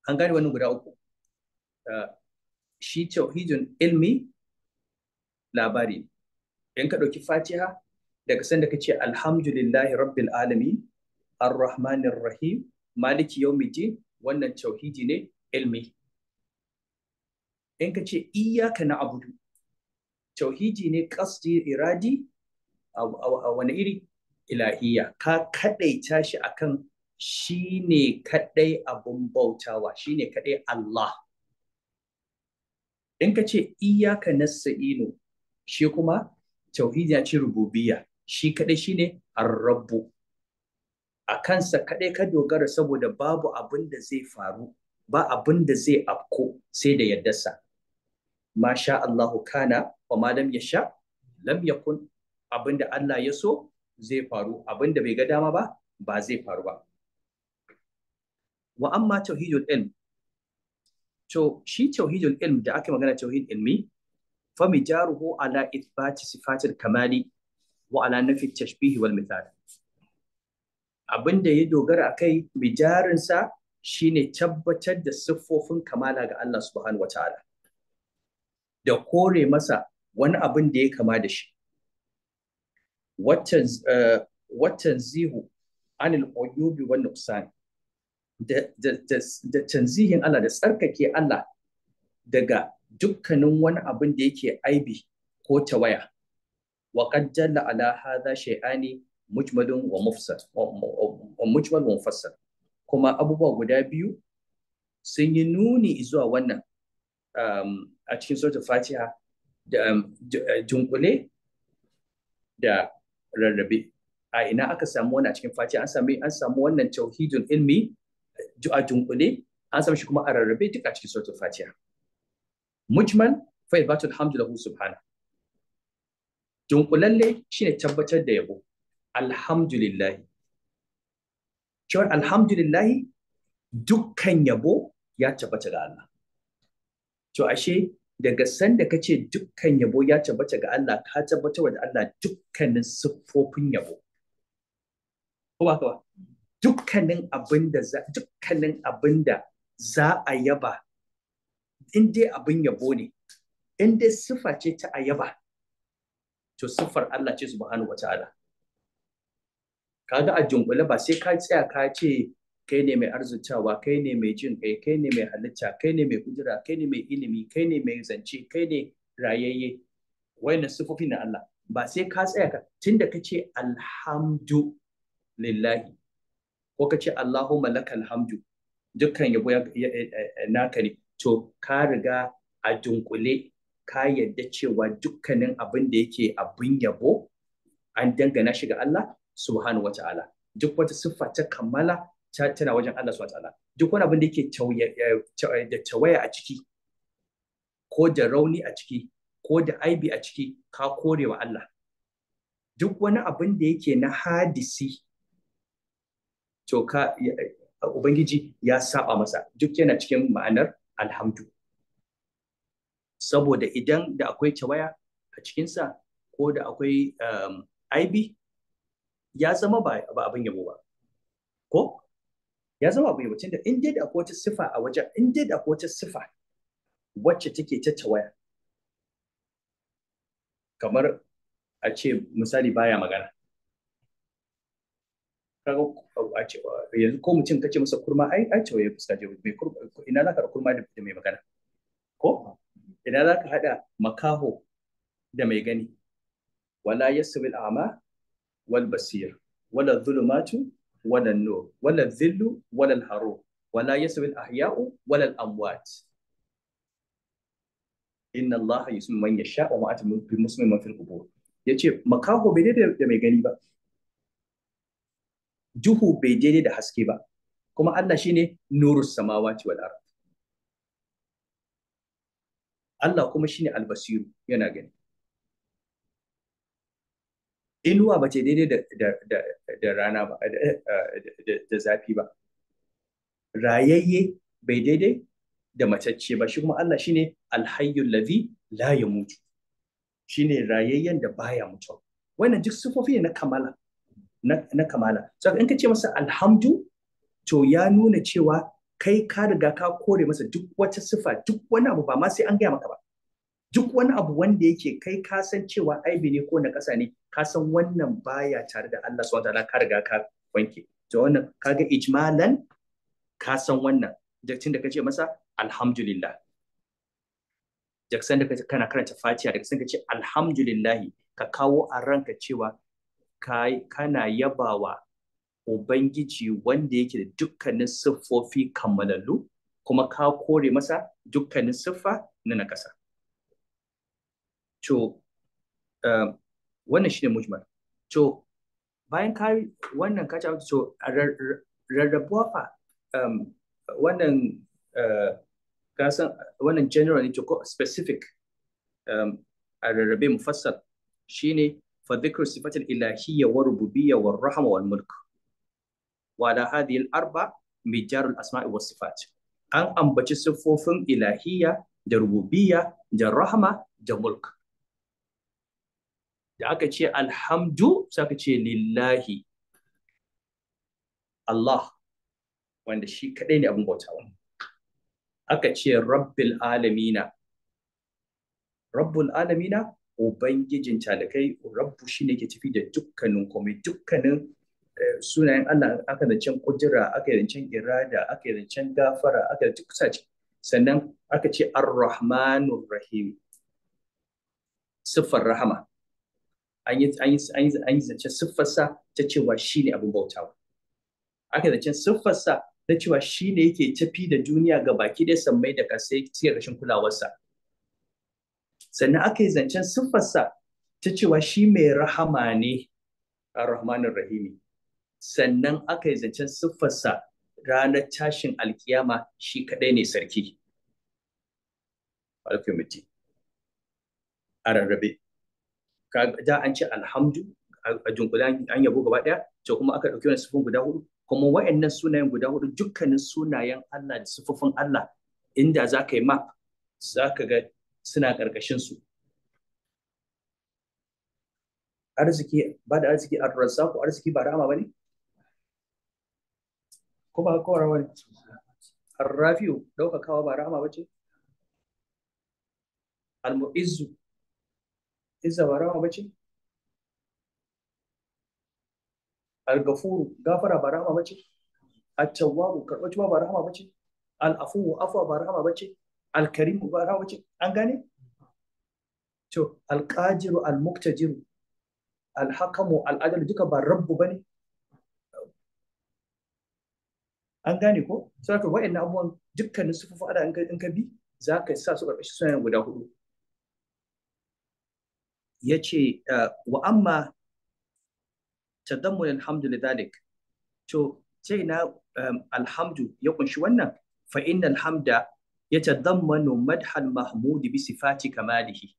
an gane wani guda uku uh, shi tauhidun ilmi labari in ka ɗauki fatiha daga sanda kace ce alhamdulillahi rabbil alamin ar-rahmanir rahim maliki yawmiddin wannan tauhidi ne ilmi in ka ce iyyaka na'budu tauhidi ne qasdi iradi a wani iri ilahiyya ka kadaita shi akan shine kadai abun bautawa shine kadai Allah in ka ce iyyaka nasta'inu shi kuma tauhidi ya ce rububiyya shi kadai shine ar-rabbu a kansa kaɗai ka dogara saboda babu abin da zai faru ba abin da zai afko sai da yaddarsa masha Allahu kana wa ma ya sha lam yakun abin da Allah ya so zai faru abin da bai ga dama ba ba zai faru ba wa amma tauhidul ilm to shi tauhidul ilm da aka magana tauhid ilmi fa mijaruhu ala ithbati sifatil kamali wa ala nafi tashbihi wal mithal abin da ya dogara akai bijarinsa shine tabbatar da siffofin kamala ga Allah subhanahu ta'ala da kore masa wani abin da ya kama da shi watan eh, zihu anil uyubi wa nuqsan da tanzihin Allah da tsarkake Allah daga dukkanin wani abin da yake aibi ko tawaya wa qad jalla ala hadha shay'ani mujmalin wa mufsal wa mujmal wa mufassal kuma abubuwa guda biyu sun yi nuni zuwa wannan um, a cikin suratul fatiha da um, eh, dunkule da rarrabe a ina aka samu wannan a cikin fatiha an samu an samu wannan tauhidul ilmi a dunkule an samu shi kuma a rarrabe duk a cikin suratul fatiha mujmal fa ibatu alhamdulillah subhana dunkulalle shine tabbatar da yabo alhamdulillahi cewar alhamdulillahi dukkan yabo ya tabbata ga Allah to ashe daga sanda kace kace dukkan yabo ya tabbata ga Allah ka tabbatar da Allah dukkanin siffofin yabo ko ba ba dukkanin abin da dukkanin abin za a yaba in dai abin yabo ne in dai siffa ce ta ayaba to siffar Allah ce subhanahu wataala kaga a dunkule ba sai ka tsaya ka ce kai ne mai arzutawa kai ne mai jin kai kai ne mai halitta kai ne mai kudura kai ne mai ilimi kai ne mai zance kai ne rayayye wayannan sifofi na Allah ba sai ka tsaya ka tunda ka ce alhamdu lillahi ko ka ce Allahumma lakal hamdu dukkan yabo naka ne to ka riga a dunkule ka yadda cewa dukkanin abin da yake abin yabo an dangana shi ga Allah subhanahu ta'ala duk wata siffa ta kammala tana wajen Allah subhanahu ta'ala duk wani abin da yake eh, da tawaya a ciki ko da rauni a ciki ko da aibi a ciki ka kore wa Allah duk wani abin da yake na hadisi to ka ubangiji ya saba masa duk yana cikin ma'anar alhamdu saboda idan da akwai tawaya a cikinsa ko da akwai um, aibi ya zama ba abin yabo ba ko ya zama abin yabo tunda in dai da akwai wata sifa a wajen in dai da akwai wata sifa wacce take tattawaya kamar a ce misali baya magana kaga a ce yanzu ko mutum kace masa kurma ai ai tawaye fuska je mai kurma ina za ka da kurma da mai magana ko ina za ka hada makaho da mai gani wala yasbil a'ma wal basir wala dhulumatu wala nur wala dhillu wala haru wala yasawi al ahya'u wala al amwat inna allaha yusmi man yasha wa ma'at bi man fil qubur yace makaho bai daidai da mai gani ba duhu bai daidai da haske ba kuma Allah shine nurus samawati wal ard Allah kuma shine albasiru yana gani inuwa ba ce daidai da rana ba da zafi ba rayayye bai daidai da matacce ba shi kuma Allah shine alhayyul ladhi la yamutu shine rayayyen da baya mutuwa wannan duk sifofi ne na kamala na kamala so in ka ce masa alhamdu to ya nuna cewa kai ka riga ka kore masa duk wata sifa duk wani abu ba ma sai an gaya maka ba duk wani abu wanda yake kai ka san cewa aibi ne ko na ƙasa ne ka san wannan baya tare da Allah subhanahu wataala ka riga ka wanke to wannan kaga ijmalan ka san wannan da da kace masa alhamdulillah Da jaksan da kana karanta fatiha da kasan kace alhamdulillah ka kawo a ranka cewa kana yabawa ubangiji wanda yake da dukkanin siffofi kammalallu kuma ka kore masa dukkanin siffa na nakasa ƙasa to eh, wannan shine mujmal to bayan ka wannan ka to rarrabuwa fa um, wannan eh, ka san wannan general ne to ko specific um, a rarrabe mufassal shine fa dhikru sifatil ilahiyya wa rububiyya wa rahma wal mulk wa ala hadhihi al arba mijar al asma'i was sifat an ambaci siffofin ilahiyya da rububiyya da rahma da mulk da aka ce alhamdu sai aka ce lillahi Allah wanda shi kadai ne abin bautawa aka ce rabbil alamina rabbul alamina ubangijin talakai rabbu shine ke tafi da dukkanin komai dukkanin eh, sunayen Allah aka da can kudura aka da can irada aka da can gafara aka da duk sace sannan aka ce ar-rahmanur rahim sifar rahama an yi zancen siffarsa ta cewa shi ne abin bautawa aka zancen siffarsa ta cewa shi ne yake tafi da duniya ga baki da sammai da kasai cikin rashin kulawarsa sannan aka yi zancen siffarsa ta cewa shi mai rahama ne a rahmanin rahimi sannan aka yi zancen siffarsa ranar tashin alkiyama shi kadai ne sarki alkimiti a rarrabe da an ce alhamdu a dunkula an yabo gaba daya to kuma aka dauki wannan sifofin guda hudu kuma wayannan sunayen guda hudu dukkanin sunayen Allah da sifofin Allah inda za ka yi map za ka ga suna karkashin su arziki ba da arziki ar-razzaq arziki ba rama bane ko ba ko rama bane arrafiu dauka kawa ba rama bace al-mu'izzu izza ba rama bace al-ghafuru gafara ba rama bace at-tawwabu karɓar tuba ba rama bace al-afuwu afwa ba rama bace al-karimu ba rama bace an gane to al ƙajiru al-muktajiru al-hakamu al-adl duka ba rabbu ba ne? an gane ko sai ka wa'annan abubuwan dukkanin sufufin ada in ka bi za ka sa su karɓi sunayen guda hudu ya ce eh, wa amma tadammun alhamdu lidhalik to sai na alhamdu ya kunshi wannan fa inna alhamda ya tadammanu madhal mahmudi bi sifati kamalihi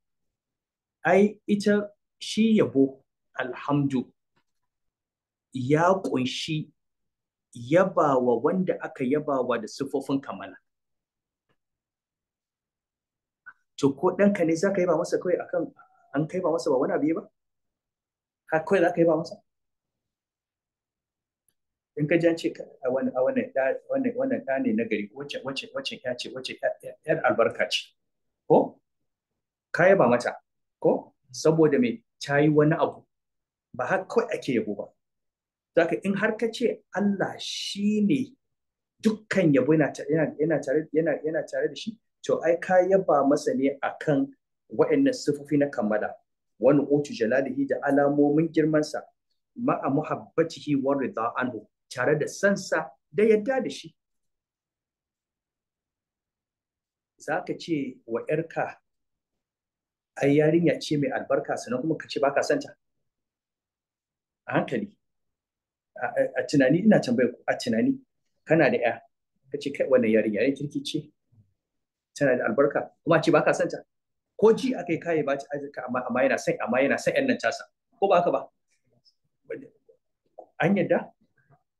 ai ita shi yabo alhamdu ya kunshi yabawa wanda aka yabawa da siffofin kamala to ko ɗanka ne za ka yaba masa kawai akan an kai ba masa ba wani abu ba ka za ka yi ba masa in ka jance a wannan ɗa ne na gari wacce ya ce wacce ‘yar albarka ce ko ka ba mata ko saboda mai ta yi wani abu ba har kawai ake yabo ba in har ka ce Allah shi ne dukkan yabo yana tare da shi to ai ka yaba masa ne akan wa'annan sifofi na kammala wani utu jalalihi da alamomin girmansa ma'a muhabbatihi wa rida anhu tare da sansa da yadda da shi za ka ce wa ‘yarka ai yarinya ce mai albarka sannan kuma ka ce ba ka santa a hankali a tunani ina tambayar ku a tunani kana da ƴa ka ce kai wannan yarinya ne kirki ce tana da albarka kuma ce ba ka santa ko ji akai kai ba ci arzika amma amma yana son amma yana sai yan nan tasa ko ba haka ba an yadda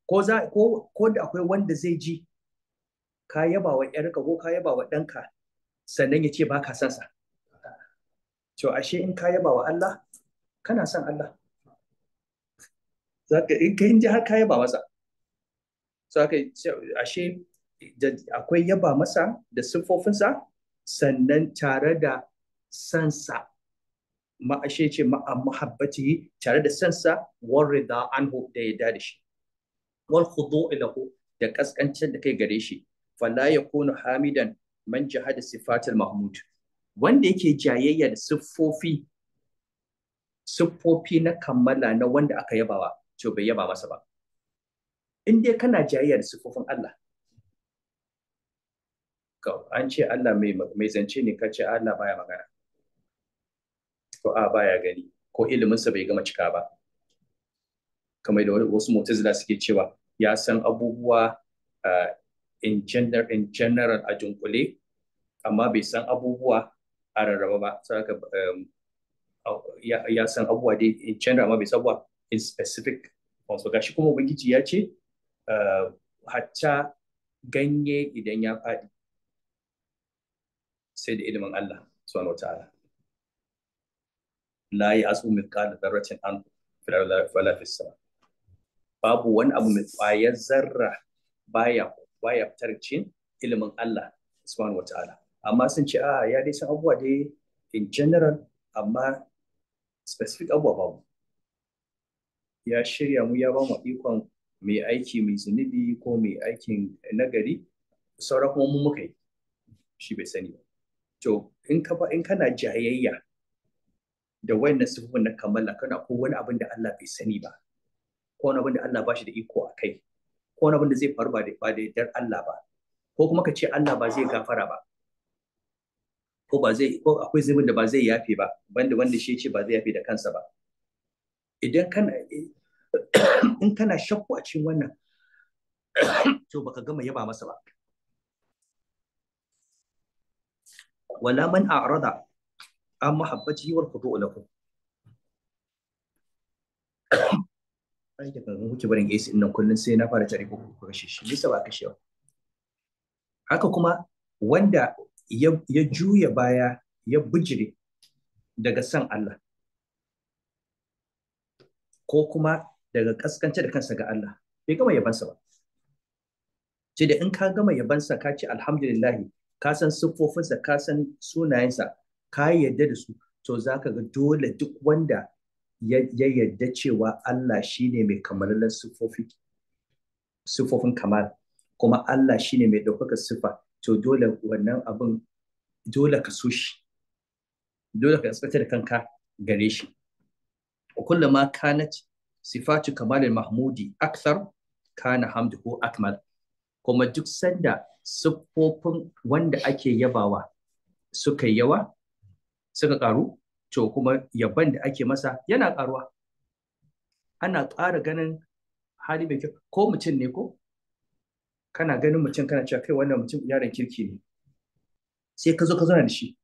ko za ko ko da akwai wanda zai ji ka yaba wa yarka ko ka yaba wa danka sannan ya ce ba ka son sa to ashe in ka yaba wa Allah kana son Allah zaka in ka ji har ka yaba masa so ashe akwai yaba masa da siffofinsa sannan tare da sansa ashe ce ma muhabbati tare da sansa rida anhu da ya da shi wal khudu'i lahu da kaskancin da kai gare shi fala yakunu hamidan man jahada sifatul mahmud wanda yake jayayya da siffofi siffofi na kammala na wanda aka yabawa to bai yaba masa ba in dai kana jayayya da siffofin Allah an ce Allah mai zance ne ka Allah baya magana ko a baya gani ko iliminsa bai gama cika ba kamar da wasu mutazila suke cewa ya san abubuwa in general in general a dunkule amma bai san abubuwa a rarraba ba saka um, ya san abubuwa dai in general amma bai san abubuwa in specific so, gashi kuma ubangiji ya ce hatta ganye idan ya faɗi sai da ilimin Allah subhanahu wa ta'ala la yi mithqala dharratin an fil an wala sama babu wani abu mai kwayar zarra baya baya fitarcin ilimin Allah subhanahu wataala amma sun ce a ya dai san abubuwa dai in general amma specific abubuwa babu ya shirya mu ya ba mu ikon mai aiki mai zunubi ko mai aikin nagari sauran kuma mu muka yi shi bai sani ba to in ka in kana jayayya da wayannan sifofin na kammala kana ko wani abin da Allah bai sani ba ko wani abin da Allah ba shi da iko a kai ko wani abin da zai faru ba da yardar Allah ba ko kuma ka ce Allah ba zai gafara ba ko ba zai ko akwai zubin da ba zai yafe ba banda wanda shi ce ba zai yafe da kansa ba idan kana in kana shakku a cikin wannan to baka gama yaba masa ba wala man a'rada an mahabbati wal khudu lahu ai da kan kuke barin AC din nan kullun sai na fara tare ku ku kashe shi bisa ba kashe ba haka kuma wanda ya juya baya ya bijire daga san Allah ko kuma daga kaskance da kansa ga Allah bai gama yabansa ba ce da in ka gama yabansa ka ce alhamdulillah ka san siffofinsa ka san sunayensa ka yarda da su to za ka ga dole duk wanda ya yarda cewa Allah shi ne mai kamalar siffofin kamal kuma Allah shi ne mai ɗaukaka siffa to dole wannan abin dole ka so shi dole ka da kanka gare shi kullum ma kanat sifatu kamal mahmudi akthar kana hamduhu akmal kuma duk sanda siffofin wanda ake yabawa suka yawa suka karu to kuma yabban da ake masa yana karuwa ana ƙara ganin hali mai kyau ko mutum ne ko kana ganin mutum kana cewa kai wannan mutum yaron kirki ne sai ka zo ka zauna da shi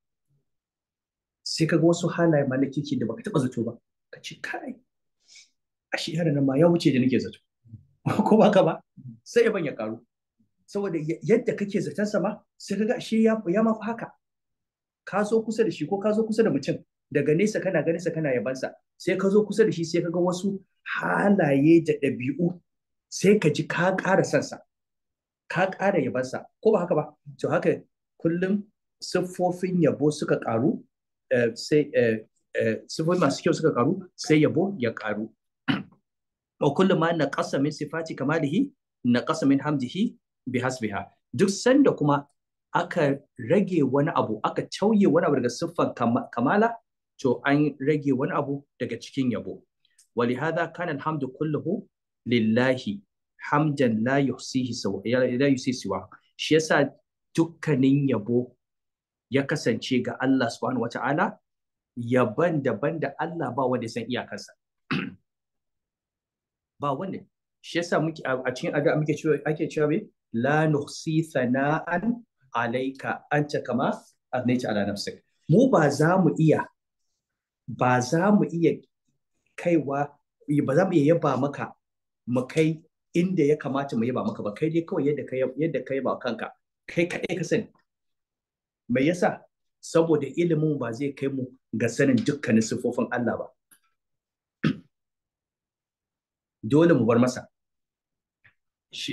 sai ka ga wasu halaye kirki da baka taɓa zato ba ka ce kai ashe yaron nan ma ya wuce da nake zato ko ba ka ba sai ban ya karu saboda yadda kake zaton sa ma sai ka ga ashe ya ma fi haka ka zo kusa da shi ko ka zo kusa da mutum daga nesa kana ganin sa kana yabansa sai ka zo kusa da shi sai ka ga wasu halaye da ɗabi'u sai ka ji ka ƙara sansa ka ƙara yabansa ko ba haka ba to haka kullum siffofin yabo suka ƙaru eh, sai eh, eh, siffofin masu kyau suka ƙaru sai yabo ya ƙaru wa kullum ma na ƙasa min sifati kamalihi na ƙasa min hamdihi bi hasbiha duk sanda kuma aka rage wani abu aka tauye wani abu daga siffan kamala to an rage wani abu daga cikin yabo wali hadha kana alhamdu kulluhu lillahi hamdan la yuhsihi la yuhsi siwa shi yasa dukkanin yabo ya kasance ga Allah subhanahu wata'ala yaban daban da Allah ba wanda san iyakarsa ba wanda shi yasa muke a cikin aga muke cewa ake cewa la nuhsi sana'an alaika anta kama agnaita ala nafsik mu ba za mu iya ba za mu iya kaiwa ba za mu iya yaba maka mu kai inda ya kamata mu yaba maka ba kai dai kawai yadda kai yadda kai ba kanka kai kadai ka sani me yasa saboda ilimin ba zai kai mu ga sanin dukkanin sifofin Allah ba dole mu bar masa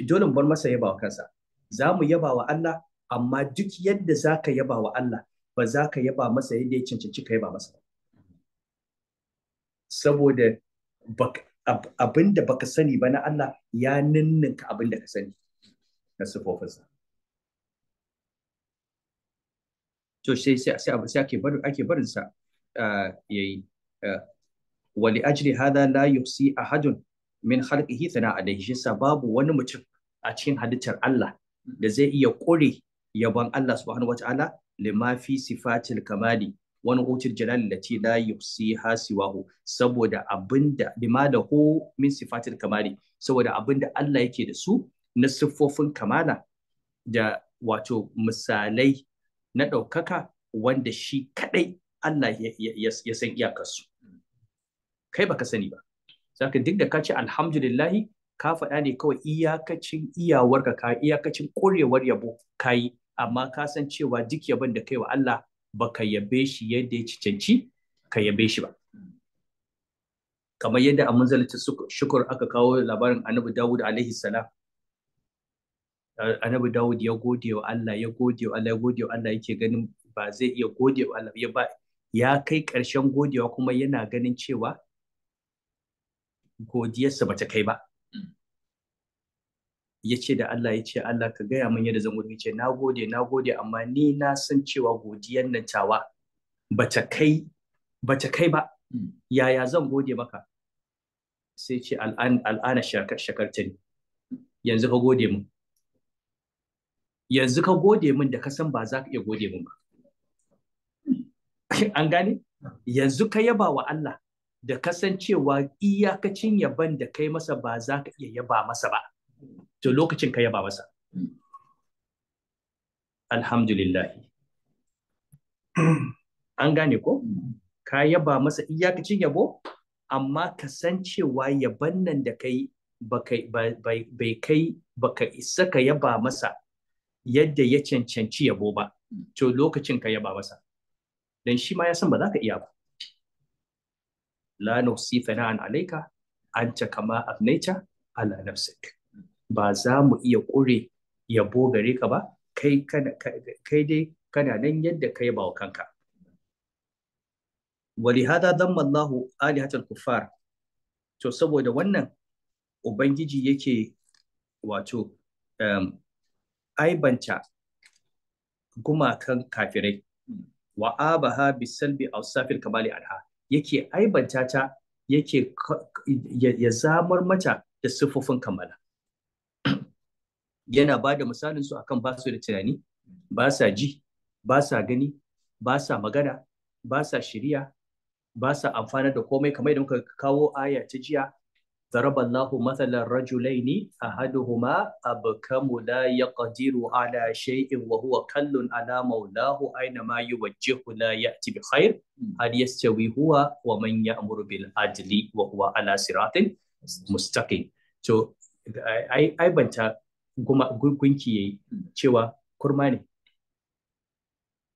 dole mu bar masa yaba wa kansa za mu yaba wa Allah amma duk yadda za ka yaba wa Allah ba za ka yaba masa yadda ya cancanci ka yaba masa saboda abin da baka sani ba na Allah ya ninninka abin da ka sani na sifofinsa to sai sai abu sai ake barin ake barin sa ah, yayi ah. wa ajli hadha la yusi ahadun min khalqihi thana alayhi shi babu wani mutum a cikin halittar Allah da zai iya kore yabon Allah subhanahu wataala lima fi sifatil kamali wani hutul jalal ce la yusiha siwahu saboda abinda lima da hu min sifatil kamali saboda abinda Allah yake da su na siffofin kamala da wato misalai na ɗaukaka wanda shi kadai Allah ya san iyakarsu kai baka sani ba saka duk da kace ce alhamdulillahi ka faɗa ne kawai iyakacin iyawarka ka iyakacin ƙorewar yabo kayi amma ka san cewa duk yabon da kai wa Allah baka yabe shi yadda ya cancanci ka yabe shi ba kamar yadda a manzalata shukur aka kawo labarin annabi Dawud alaihi salam eh, annabi Dawud ya gode wa Allah ya gode wa Allah ya gode wa Allah yake ganin ba zai iya gode wa Allah ya ba ya kai ƙarshen godewa kuma yana ganin cewa godiyarsa bata kai ba ya ce da Allah ya ce Allah ka gaya min yadda zan gode ce na gode na gode amma ni na san cewa godiyan nan tawa bata kai bata kai ba yaya zan gode maka sai ce al'ana ne, yanzu ka gode min yanzu ka gode min da ka san ba za ka iya gode min ba an gane yanzu ka yaba wa Allah da kasancewa iyakacin yaban da kai masa ba za ka iya yaba masa ba to lokacin ka yaba masa alhamdulillah an gane ko ka yaba masa iyakacin yabo amma ka san cewa yaban nan da kai bai kai baka isa ka yaba masa yadda ya cancanci yabo ba to lokacin ka yaba masa dan shi ma ya san ba za ka iya ba la nusi an alayka anta kama abnaita ala nafsik ba za mu iya ƙure yabo gare ka ba kai dai kana nan yadda kai ba wa kanka walihada damma Allahu alihatul kufar. to saboda wannan ubangiji yake wato um, aibanta gumakan kafirai wa abaha bisalbi awsafil kamali arha yake aibanta ta yake ya zamar mata da siffofin kamala yana ba da misalin su akan ba su da tunani ba sa ji ba sa gani ba sa magana ba sa shirya ba sa amfana da komai kamar idan ka kawo aya ta jiya raballahu matsalar rajulai ne a hadu huma ƙadiru ala shaikin wahuwa kallon alamau lahu aina ma yi wa jihu la ya ci bi khair har wa manya amurbin ajali wahuwa ala siratin mustaƙi. to kuma gunki yayi cewa kurma ne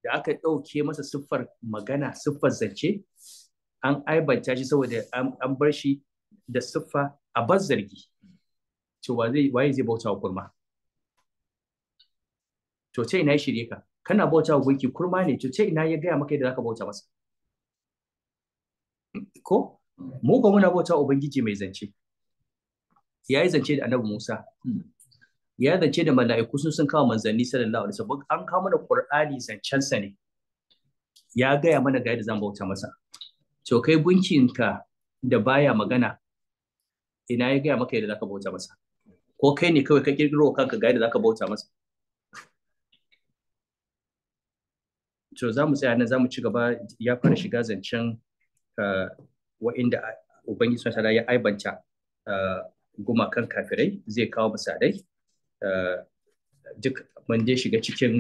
da aka ɗauke masa siffar magana siffar zance an aibanta shi saboda an bar shi da siffa a bar zargi cewa waye zai bauta wa kurma to ce ina shirye ka kana bauta wa gunki kurma ne to ce ina ya gaya maka yadda zaka bauta masa ko mu ko muna bauta ubangiji mai zance Ya yi zance da annabi Musa ya zance da mala'iku sun sun kawo manzanni sallallahu alaihi wasallam an kawo mana qur'ani zancen sa ne ya gaya mana ga yadda zan bauta masa to kai gunkinka da baya magana ina ya gaya maka yadda zaka bauta masa ko kai ne kawai ka kirkiro kanka ga yadda zaka bauta masa to za mu tsaya nan za mu ci gaba ya fara shiga zancen eh, wa'inda ubangiji sun ya aibanta eh, gumakan kafirai zai kawo musadai Eh, duk mun dai shiga cikin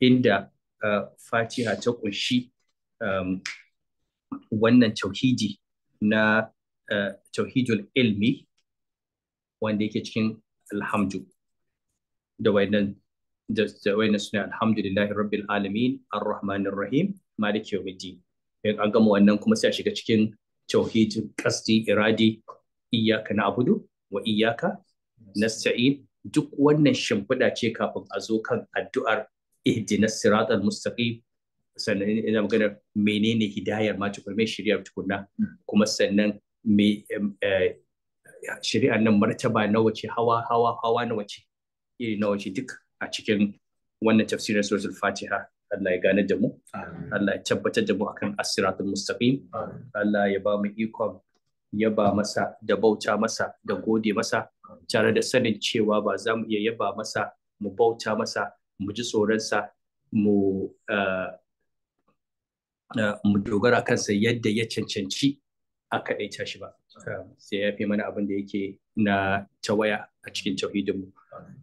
inda eh, fatiha ta kunshi eh, wannan tauhidi na tauhidul ilmi wanda yake cikin alhamdu da wayannan da wayannan suna alhamdulillahi rabbil alamin arrahmanir rahim maliki yawmiddin in an gama wannan kuma sai a shiga cikin tauhidul qasdi iradi iyyaka na'budu wa iyyaka nasta'in duk wannan shimfiɗa ce kafin a zo kan addu'ar ihdina siratal mustaqim sannan ina magana menene hidayar ma tukunna mai shari'ar tukunna kuma sannan me eh, shari'ar nan martaba na wace hawa hawa hawa na wace iri na wace duk a cikin wannan tafsirin suratul fatiha Allah ya gane da mu Allah ya tabbatar da mu akan as-siratul mustaqim Allah ya ba mu ikon yaba masa da bauta masa da gode masa tare da sanin cewa ba za mu iya yaba masa mu bauta masa mu ji tsoronsa mu eh, eh, mu dogara kansa yadda ya cancanci a kaɗaita shi ba eh, sai ya fi mana abin da yake na tawaya a cikin tauhidinmu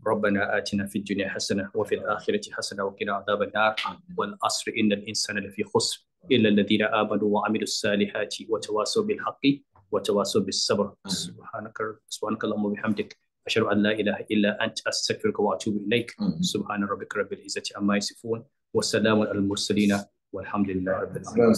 ربنا آتنا في الدنيا حسنة وفي الآخرة حسنة وقنا عذاب النار والعصر إن الإنسان لفي خسر إلا الذين آمنوا وعملوا الصالحات وتواصوا بالحق وتواصوا بالصبر سبحانك سبحانك اللهم وبحمدك أشهد أن لا إله إلا أنت أستغفرك وأتوب إليك سبحان ربك رب العزة عما يصفون والسلام على المرسلين والحمد لله رب العالمين